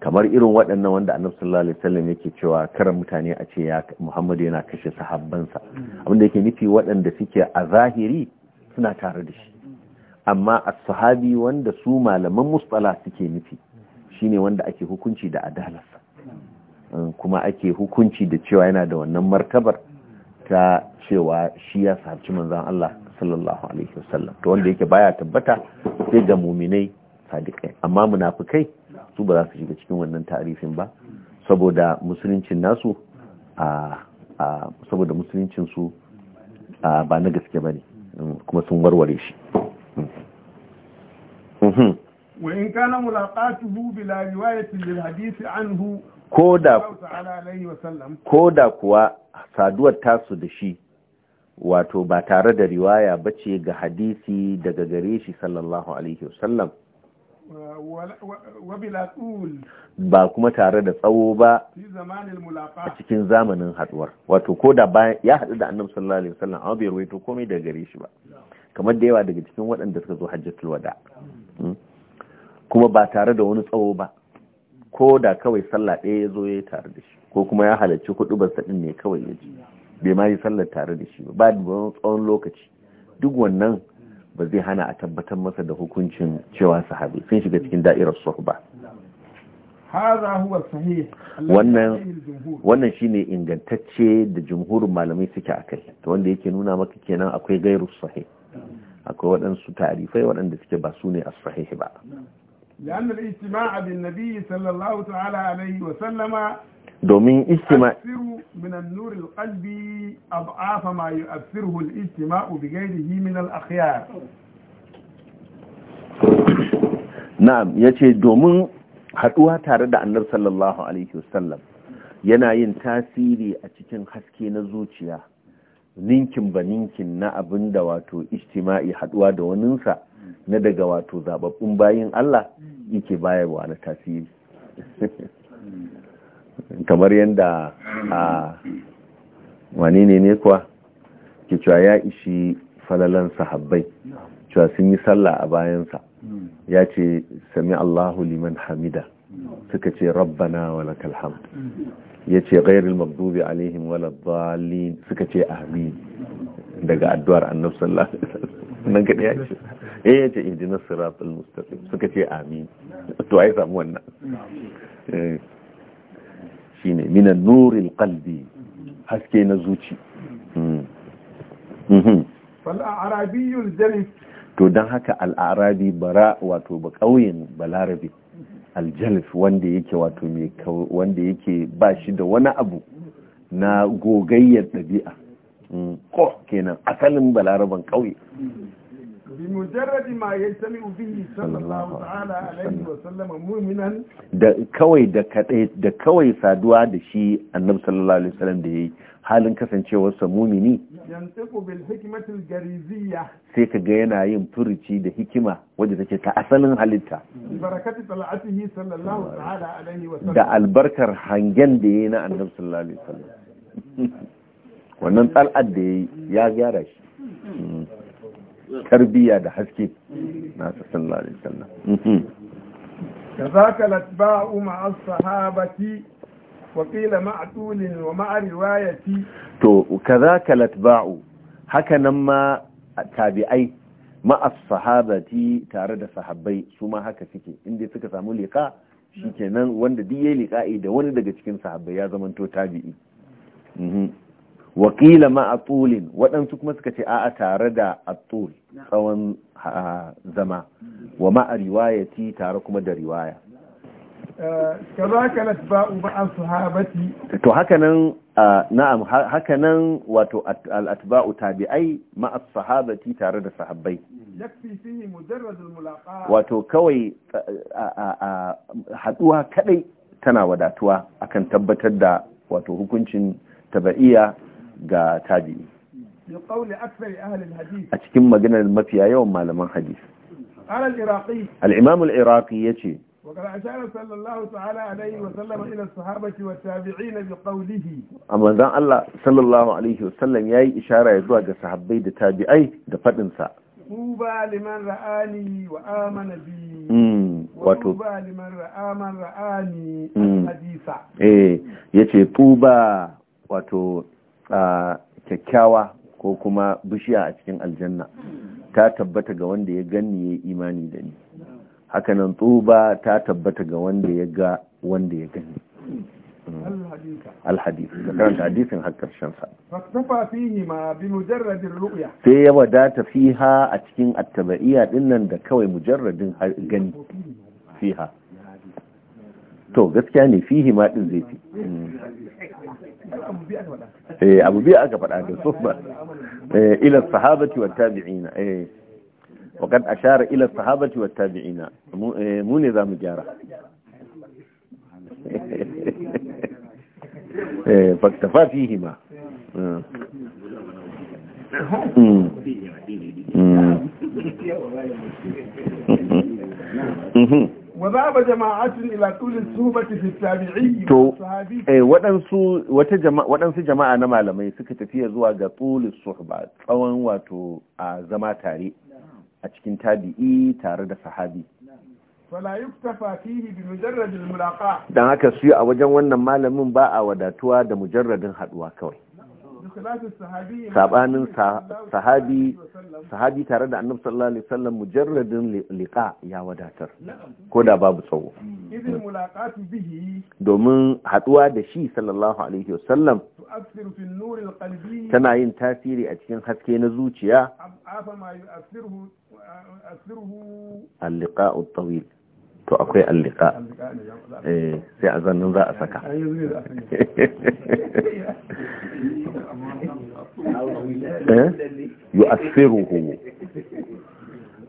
kamar irin waɗannan wanda annabi sallallahu alaihi wasallam yake cewa karan mutane a ce ya muhammad yana kashe sahabbansa mm. abinda yake nufi waɗanda suke a zahiri suna tare da shi amma as-sahabi wanda su malaman mustala suke nufi shine wanda ake hukunci da adalarsa mm, kuma ake hukunci da cewa yana da wannan martabar ta cewa shi ya sahabci manzon Allah sallallahu alaihi wasallam to wanda yake baya tabbata sai ga muminai sadiqai amma munafikai su ba za su shiga cikin wannan tarifin ba saboda musuluncin nasu a saboda musuluncin su ba na gaske bane mm, kuma sun warware shi وإن كان ملاقاته بلا رواية للحديث عنه koda kuwa saduwar tasu da shi wato ba tare da riwaya ce ga hadisi daga gare shi sallallahu alaihi wasallam ba kuma tare da tsawo ba a cikin zamanin haduwar wato koda ya haɗu da annabi sallallahu alaihi wasallam amma komai daga gare shi ba kamar da yawa daga cikin waɗanda suka zo hajjatul wada hmm? kuma ba tare da wani tsawo ba ko da kawai sallah ɗaya ya zo ya yi tare da shi ko kuma ya halarci hudu ba saɗin ne kawai ya ji bai ma yi sallar tare da shi ba da tsawon lokaci duk wannan ba zai hana a tabbatar masa da hukuncin cewa sahabi sun shiga cikin da'irar ba. wannan wannan shine ingantacce da jumhurin malamai suke akai to wanda yake nuna maka kenan akwai gairu sahih akwai waɗansu tarifai waɗanda suke ba su ne a sahihi ba لأن الاجتماع بالنبي صلى الله تعالى عليه وسلم دومين اجتماع من النور القلبي أضعاف ما يؤثره الاجتماع بغيره من الأخيار نعم يتي دومين haɗuwa tare da annar sallallahu alaihi wasallam yana yin tasiri a cikin haske na zuciya ninkin ba ninkin na abin da wato ijtima'i haduwa da waninsa na daga wato zababbun bayin Allah yake bayarwa na tasiri kamar yadda a wani ne ne kuwa ke cewa ya ishi falalan sahabbai cewa sun yi sallah a bayansa ya ce sami Allahu liman hamida suka ce rabbana wa lakal hamd ya ce ghairil magdubi alaihim wala dhalin suka ce amin daga addu'ar annabi sallallahu alaihi wasallam nan ya ce eh ya ce ihdinas siratal mustaqim suka ce amin to ai samu wannan eh, shine minan nuril qalbi haske na zuci hmm. mhm. to don haka al'arabi bara wato ƙauyen balarabi aljalif wanda yake wato wanda yake ba shi da wani abu na gogayyar ɗabi'a mm. ko kenan asalin balaraban ƙauye بمجرد ما يجتمع به صلى الله تعالى عليه وسلم مؤمنا da كوي da كدي da كوي سادوا da shi annabi sallallahu alaihi wasallam da yayi halin kasancewar sa mumini yantiqu bil hikmatil gariziyya sai kaga yana yin furuci da hikima wanda take ta asalin halitta barakati talatihi sallallahu ta'ala alaihi wasallam da albarkar hangen da yayi na annabi sallallahu alaihi wasallam wannan tsal'ad da ya gyara shi hmm. tarbiya da haske na sallallahu alaihi wasallam mhm. ka latba'u ma'a sahabati wa qila wa ma'a riwayati to za ka haka nan ma tabi'ai ma'a sahabati tare da sahabbai su ma haka suke inda suka samu liqa shikenan wanda duk yayi liqa'i da wani daga cikin sahabbai ya zamanto tabi'i mhm. wakila ma a tulin waɗansu kuma suka ce a'a tare da a tul tsawon zama wa ma a riwayati tare kuma da riwaya eh, to hakanan na'am hakanan wato al'atba'u tabi'ai ma'as sahabati tare da sahabbai wato kawai haduwa kadai tana wadatuwa akan tabbatar da wato hukuncin taba'iya ga tabi a cikin maganar mafiya yawan malaman hadis al'imamu Iraki ya ce a manzan Allah sallallahu alaihi wasallam ya yi ishara ya zuwa ga sahabbai da tabi'ai da faɗinsa Tuba liman ra'ani wa bi wa liman ra'ani wato kyakkyawa ko kuma bishiya a cikin aljanna ta tabbata ga wanda ya gani ya imani da ni hakanan tsuba ta tabbata ga wanda ya ga wanda ya gani alhadith da karanta hadisin har karshen sa sai ya wadata fiha a cikin attaba'iyya dinnan da kawai mujarradin gani fiha to gaskiya ne fihi ma din zai fi mm. eh abu biya aka faɗa da suhba eh ila sahabati wa tabi'ina eh wa kad ashara ila sahabati wa tabi'ina mu eh, ne zamu gyara eh faktafa fihima Mm-hmm. وذهب جماعة إلى طول الصحبة في التابعين تو إيه eh, waɗansu wata jama'a waɗansu jama'a na malamai suka tafiya zuwa ga tulus suhba tsawon wato a zama tare a cikin tabi'i tare da sahabi fala yuktafa fihi bi mujarrad al mulaqa dan haka su a wajen wannan malamin ba a wadatuwa da mujarradin haduwa kawai sabanin sahabi sahabi tare da annabi sallallahu alaihi wasallam mujarradin liqa ya wadatar ko da babu tsawo mm. Mm. domin haduwa da shi sallallahu alaihi wasallam tana yin tasiri a cikin haske na zuciya uh, uh, al-liqa'u tawil to akwai alliƙa eh, sai a zannin za a saka eh, yu asiruhu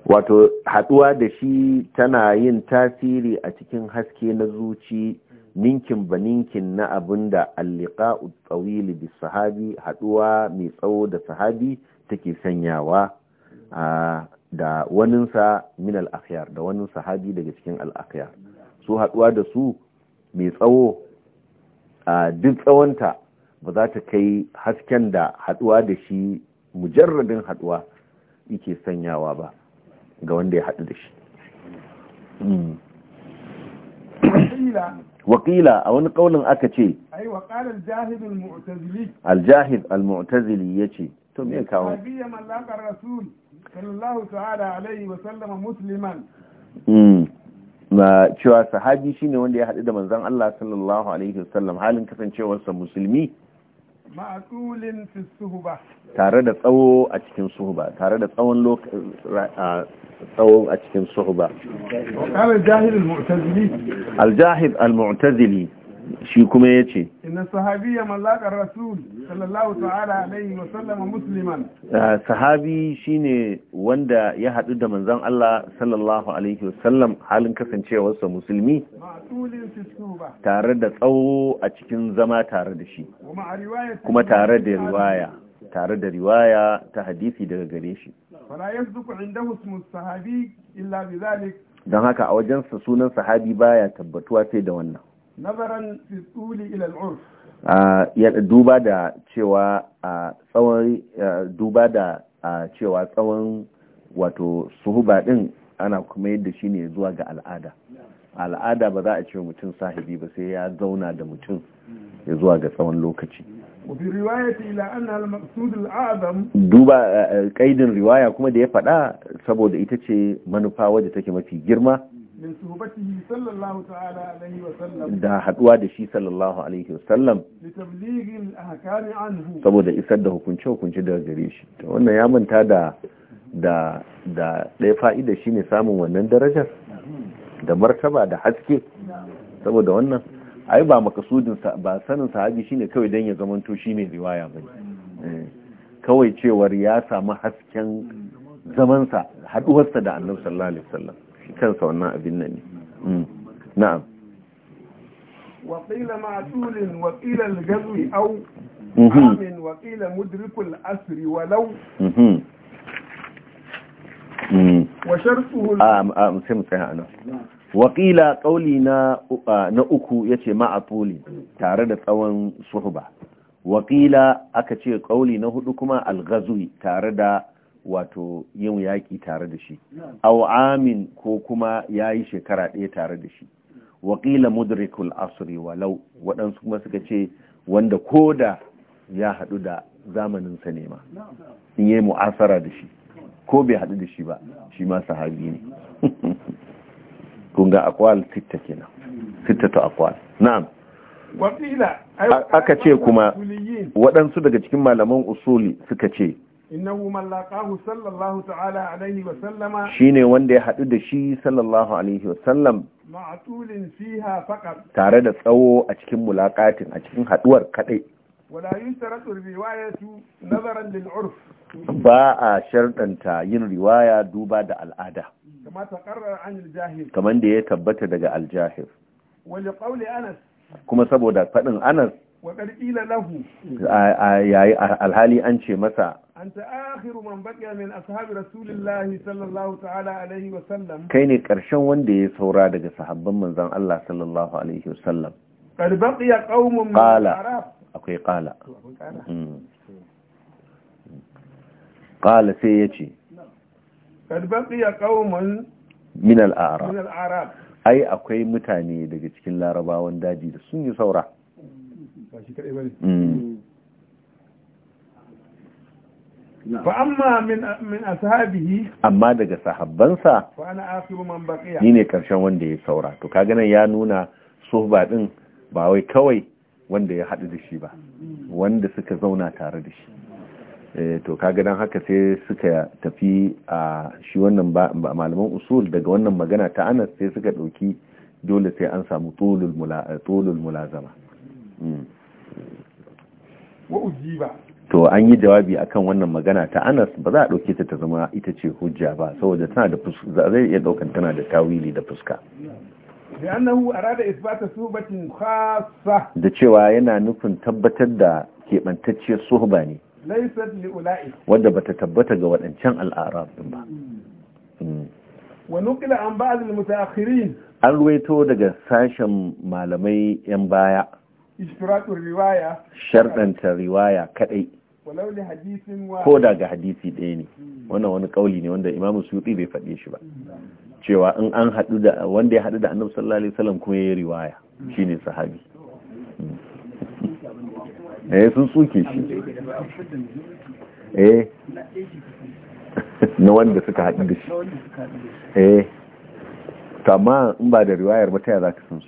wato haduwa da shi tana yin tasiri a cikin haske na zuci ninkin ba ninkin na abin da "Alliƙa tsawili bi sahabi haduwa mai tsawo da sahabi take sanyawa ah, da waninsa min al da wani sahabi daga cikin al su haduwa da su mai tsawo a duk tsawonta ba za ta kai hasken da haduwa da shi mujarradin haduwa yake sanyawa ba ga wanda ya hadu da shi hmm. wakila a wani kaulin aka ce aljahid al-mu'tazili ya ce to me kawo nabiyya mallaka rasul sallallahu ta'ala alaihi wa sallama musliman hmm. cewa sahabi shine wanda ya hadu da manzon Allah sallallahu alaihi wa sallam halin sa musulmi ma'qulin fi suhba tare da tsawo a cikin suhba tare da tsawon tsawo a cikin suhba al-jahil al-mu'tazili al-jahil al-mu'tazili shi kuma ya ce inna ya mallaka rasul sallallahu ta'ala alaihi wa sallama musliman ah, sahabi shine wanda ya hadu da manzon Allah sallallahu alaihi wa sallam halin kasancewar sa musulmi tare da tsawo a cikin zama tare da shi kuma tare da riwaya tare da riwaya ta hadisi daga gare shi fala yasduqu indahu ismu sahabi illa bi bidhalik dan haka a wajen sa sunan sahabi baya tabbatuwa sai da wannan nazaran tsuli ila al'urf ah, duba da cewa ah, tsawon ah, duba da cewa tsawon wato suhuba din ana kuma yadda shi ne zuwa ga al'ada al'ada ba za a ce mutum sahibi ba sai ya zauna da mutum ya zuwa ga tsawon lokaci riwaya duba eh, eh, kaidin riwaya kuma da ya faɗa saboda ita ce manufa wadda take mafi girma min suhbatihi sallallahu ta'ala alaihi wa sallam da haduwa da shi sallallahu alaihi wa sallam li tablighi al anhu saboda isar da hukunce hukunce daga gare shi to wannan ya manta da da da ɗaya fa'ida shine samun wannan darajar da martaba da haske saboda wannan ai ba makasudin ba sanin sahabi shine kawai dan ya zamanto shine riwaya bane eh, kawai cewar ya samu hasken zamansa haduwarsa da annabi sallallahu alaihi wasallam shi kansa wannan abin nan ne mm. na'am waƙila ma'atulin al gazi aw amin waƙila mudrikul asiri walau mhm. mm. wa sharfuhul a ah, ah, sai mu tsaya ana waƙila ƙauli na uh, na uku yace ma'tul tare da tsawon suhuba waƙila aka ce ƙauli na hudu kuma al-ghazwi tare da wato yin yaƙi tare da shi aw amin ko kuma ya yi shekara ɗaya tare da shi waƙila mudrikul asri walau waɗansu kuma suka ce wanda ko da ya haɗu da zamaninsa ne ma in yi mu'asara da shi ko bai haɗu da shi ba shi ma sahabi ne kunga akwal sitta kenan sitta ta akwal na'am aka ce kuma waɗansu daga cikin malaman usuli suka ce innahu man laqahu sallallahu ta'ala alaihi wa sallama shine wanda ya hadu da shi sallallahu alaihi wa sallam ma'tulin fiha faqat tare da tsawo a cikin mulaqatin a cikin haduwar kadai wala yustaratu riwayatu nazaran lil urf ba a sharɗanta yin riwaya duba da al'ada kama taqarrar an al-jahil kaman da ya tabbata daga al-jahil wa li qawli anas kuma saboda fadin anas waƙar lahu yayi alhali an ce masa an ta'akhiru man min ashabi rasulillahi sallallahu ta'ala alaihi kai ne ƙarshen wanda ya saura daga sahabban manzan Allah sallallahu alaihi wa sallam qad akwai qala qala sai yace qad baqiya qaumun min al ai akwai mutane daga cikin larabawan daji da sun yi saura Mm. fa amma daga sahabbansa ni ne karshen wanda ya saura to kaga nan ya nuna suhba din ba wai kawai wanda ya hadu da shi ba wanda suka zauna tare da shi eh, to kaga dan haka sai suka tafi a shi wannan malaman usul daga wannan magana ta Anas sai suka dauki dole sai an samu tulul mulazama mm. to an yi jawabi a kan wannan magana ta anas ba za a ɗauke ta ta zama ita ce hujja ba saboda tana da fuska zai iya ɗaukan tana da tawili da fuska da cewa yana nufin tabbatar da keɓantacciyar suhba ne wadda ba ta tabbata ga waɗancan al'arab ɗin ba hmm. an ruwaito daga sashen malamai 'yan baya ishtiratul riwaya sharɗanta riwaya kaɗai ko daga hadisi ɗaya ne wannan wani ƙauli ne wanda imamu suyuti bai faɗe shi ba cewa in an haɗu da wanda ya haɗu da annabi sallallahu alaihi wasallam kuma yi riwaya shine sahabi hmm. eh sun suke shi eh na wanda suka haɗu da shi eh tamma in ba da riwayar ba ta ka zaka san su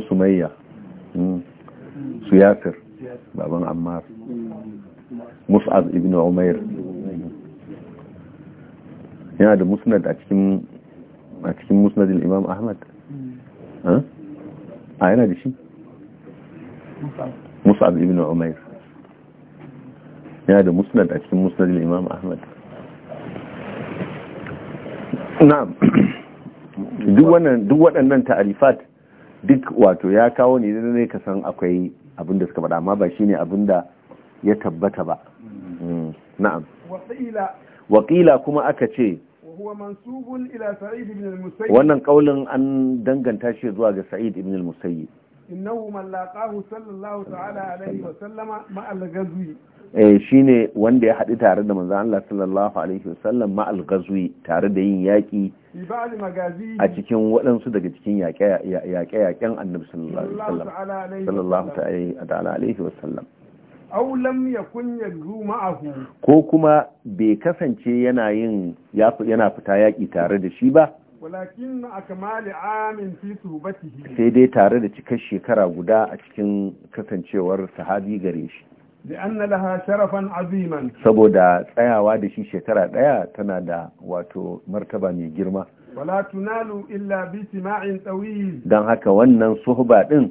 su sumayya hmm, su yasir baban ammar mus'az ibn umair yana da musnad a cikin a cikin musnadin imam ahmad hmm. a yana da shi mus'ab ibn umair yana da musnad a cikin musnadin imam ahmad na duk waɗannan ta'arifat duk wato ya kawo ne ne ka san akwai abin da suka faɗa amma ba shine abin da ya tabbata ba mm, na'am wakila kuma aka ce wannan kaulin an danganta shi zuwa ga sa'id ibn al-musayyib إنه من لاقاه صلى الله تعالى عليه وسلم ma الغزوي eh shine wanda ya hadu tare da manzo Allah sallallahu alaihi wasallam ma al-ghazwi tare da yin yaki a cikin waɗansu daga cikin yaƙe-yaƙen annabi sallallahu alaihi wasallam sallallahu ta'ala alaihi wasallam aw lam yakun yajru ma'ahu ko kuma bai kasance yana yin yana fita yaki tare da shi ba walakin Kamali amin fi suhbatihi sai dai tare da cikar shekara guda a cikin kasancewar sahabi gare shi لأن laha sharafan aziman. saboda tsayawa da shi shekara ɗaya tana da wato martaba mai girma wala tunalu illa bi sima'in tawil dan haka wannan suhba din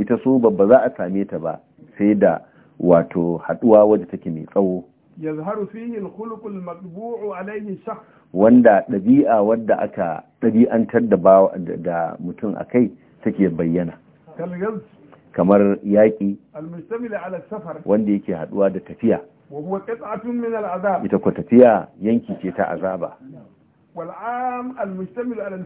ita suhba ba za a same ta ba sai da wato haɗuwa wadda take mai tsawo yazharu fihi al-khuluq al-matbu'u alayhi shakhs wanda dabi'a wanda aka dabi'antar da da mutum akai take bayyana kamar ala safar wanda yake haduwa da tafiya wa qat'atun min ita ko tafiya yanki ce ta azaba ala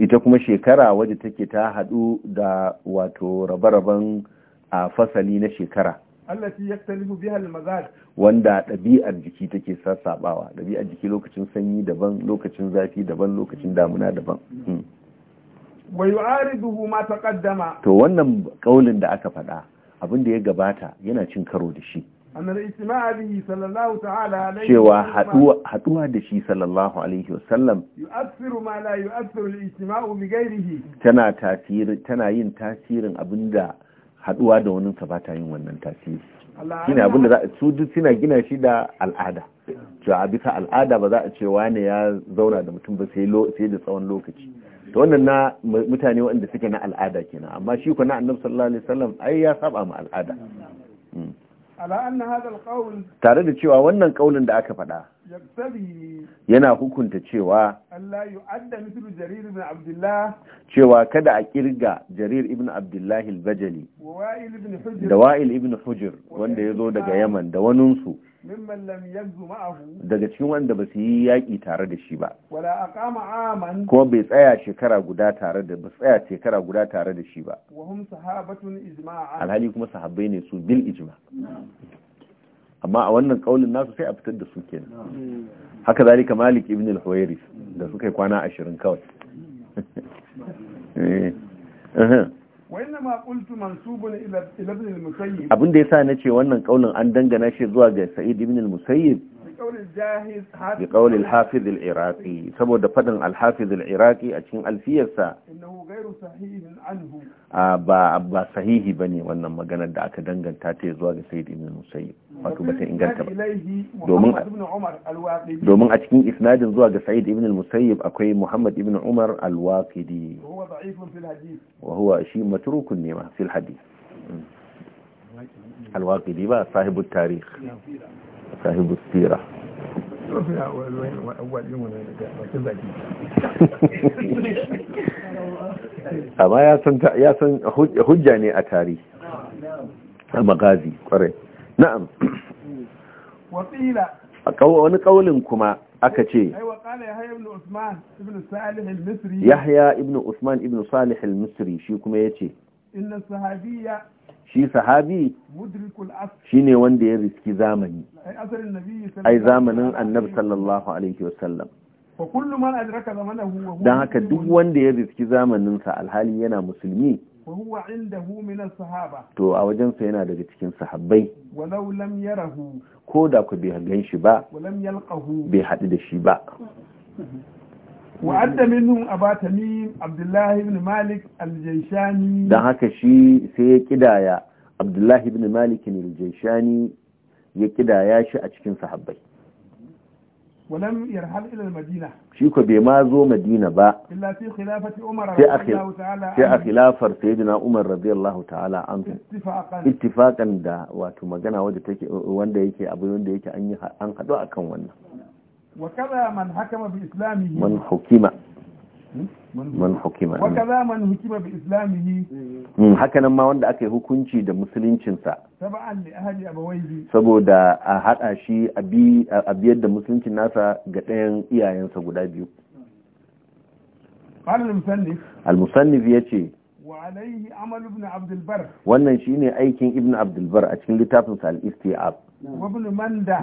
ita kuma shekara wanda take ta hadu da wato rabaraban a fasali na shekara allati yaktalifu biha almazaj wanda ɗabi'ar jiki take sassabawa ɗabi'ar jiki lokacin sanyi daban lokacin zafi daban lokacin damuna daban hmm. wa yu'ariduhu ma taqaddama to wannan kaulin da aka faɗa abin da ya gabata yana cin karo da shi cewa haduwa da shi sallallahu alaihi wasallam tana yin tasirin abinda Haɗuwa da wani ba ta yin wannan tasiri shine abinda za su duk suna gina shi da al'ada to a bisa al'ada ba za a ce wani ya zauna da mutum ba sai da tsawon lokaci to wannan na mutane waɗanda suke na al'ada kenan amma shi ko na annabi sallallahu alaihi wasallam ai ya saba ma al'ada tare da cewa wannan kaulin da aka faɗa yana hukunta cewa cewa kada a kirga jarir ibn abdullah al-bajali da wa'il ibn hujr wanda ya zo daga yaman da waninsu daga cikin wanda ba su yi yaƙi tare da shi ba kuma bai tsaya shekara guda tare da ba tsaya shekara guda tare da shi ba alhali kuma sahabbai ne su bil ijma amma a wannan kaulin nasu sai a fitar da su kenan haka zalika malik ibn al-huwairis da suka yi kwana 20 kawai eh, eh, eh. abin da ya sa na ce wannan kaulin an dangana shi zuwa ga sa'id ibn al-musayyib bi qawli al-hafiz al-iraqi saboda fadin al-hafiz al-iraqi a cikin alfiyarsa ba ba sahihi bane wannan maganar da aka danganta ta zuwa ga sayyid ibn musayyib wato bata inganta ba domin a cikin isnadin zuwa ga sayyid ibn musayyib akwai muhammad ibn umar alwaqidi wa huwa shi matrukun ne ma fil hadith alwaqidi ba sahibut tarikh sahibut sirah amma ya san hujja ne a tarihi a magazi kwarai na'am wani kaulin kuma aka ce yahya ibn usman ibn salih al-misri shi kuma ya ce shi sahabi shine wanda ya riski zamani ai zamanin annabi sallallahu alaihi wasallam don haka duk wanda ya riski zamaninsa alhali yana musulmi to a wajensa yana daga cikin sahabbai ko da ku bai gan shi ba bai haɗu da shi ba وأدى منهم أبا تميم عبد الله بن مالك الجيشاني ده هكا شي سي كدايا عبد الله بن مالك الجيشاني يا كدايا شي أتشكين صحابي ولم يرحل إلى المدينة شيكو بما زو مدينة با إلا في خلافة عمر رضي الله تعالى في خلافة سيدنا عمر رضي الله تعالى عنه اتفاقا اتفاقا دا واتو مجانا وده تكي وانده يكي أبو وانده يكي أني أنخدو أكون وانا وكذا من hukima wa nan ma wanda aka yi hukunci da musuluncinsa taba'an li saboda a haɗa shi a biyar da musuluncin nasa ga ɗayan iyayensa guda biyu qala al-musannif al yace wannan shi ne aikin ibn Abdulbar a cikin littafin sa al-istiab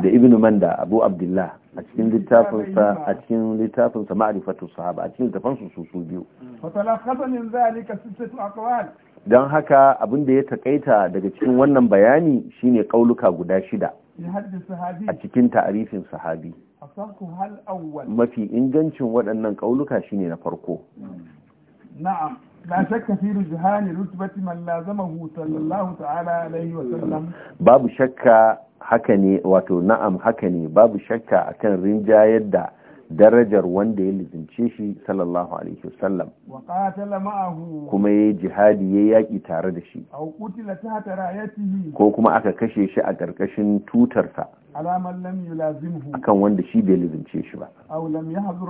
da ibn manda abu abdullah a cikin littafin sa a cikin littafin sa ma'rifatu sahaba a cikin littafin su su biyu don dan haka abin da ya takaita daga cikin wannan bayani shine kauluka guda shida a cikin ta'arifin sahabi mafi ingancin waɗannan kauluka shine na farko na'am la shakka fi rujhani rutbati man lazamahu sallallahu ta'ala alaihi sallam babu shakka haka ne wato na'am haka ne babu shakka akan rinjayar da darajar wanda ya lizince shi sallallahu alaihi wasallam kuma ya jihadi ya yaƙi tare da shi ko kuma aka kashe shi a ƙarƙashin tutarsa akan wanda shi bai lizince shi ba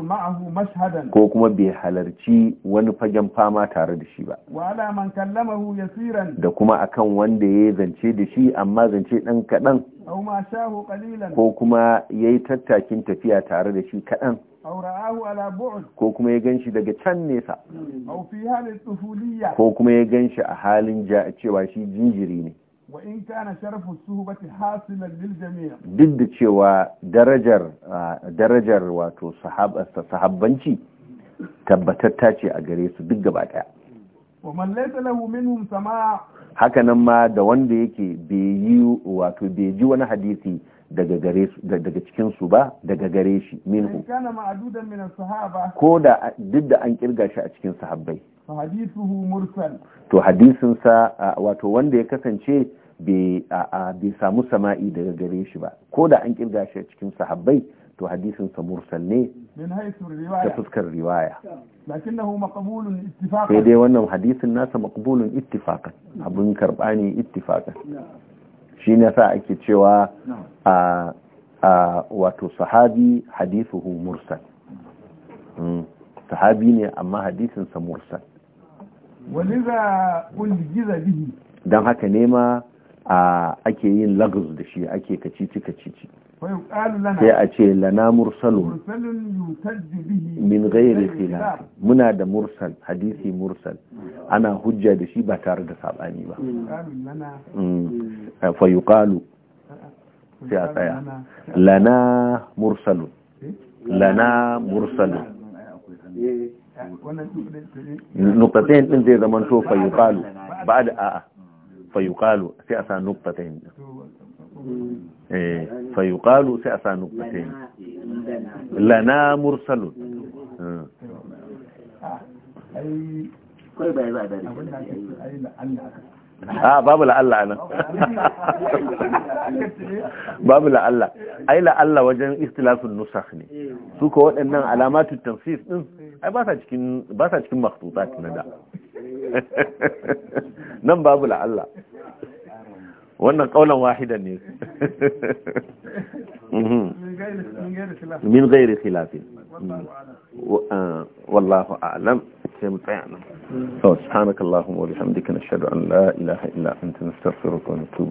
ma'ahu ko kuma bai halarci wani fagen fama tare da shi ba da kuma akan wanda ya zance da shi amma zance ɗan kaɗan ko kuma ya yi tattakin tafiya tare da shi kaɗan ko kuma ya gan daga can nesa mm. ko kuma ya gan shi a halin cewa shi jinjiri ne duk da cewa darajar wato sahabbanci tabbatatta ce a gare su duk gaba ɗaya hakanan ma da wanda yake bai yi wato bai ji wani hadisi daga gare daga cikin su ba daga gare shi minhu ko da duk da an kirga shi a cikin sahabbai to hadisin sa wato wanda ya kasance bai samu sama'i daga gare shi ba ko da an kirga shi a cikin sahabbai to hadisin sa mursal ne ta fuskar riwaya sai dai wannan hadisin nasa maqbulun ittifaqan abun karba ne ittifaqan shi ne sa ake cewa a wato sahabi hadisuhu mursal hmm. sahabi ne amma hadisin sa mursal waliza uljiza bihi dan haka nema ake yin lagos da shi ake kacici kacici sai a ce lana mursalun min gairi khilaf muna da mursal hadisi mursal ana hujja da shi ba tare da saɓani ba mm. eh, fa sai a tsaya lana mursalun eh? lana mursalun eh, nukatayin ɗin zai zama to fa ba da a'a fa sai a sa nukatayin ɗin. Eh, fayuƙalu sai a sa nukutayin lana mursalun hmm. a ah, babu la'alla nan babu la'alla ai la'alla wajen istilafin nusakh ne su ko waɗannan alamatun tafsir ɗin ai ba sa cikin ba sa cikin makhtutat da nan babu la'alla وانا قولا واحدا من غير خلاف من غير خلاف والله اعلم سبحانك اللهم وبحمدك نشهد ان لا اله الا انت نستغفرك ونتوب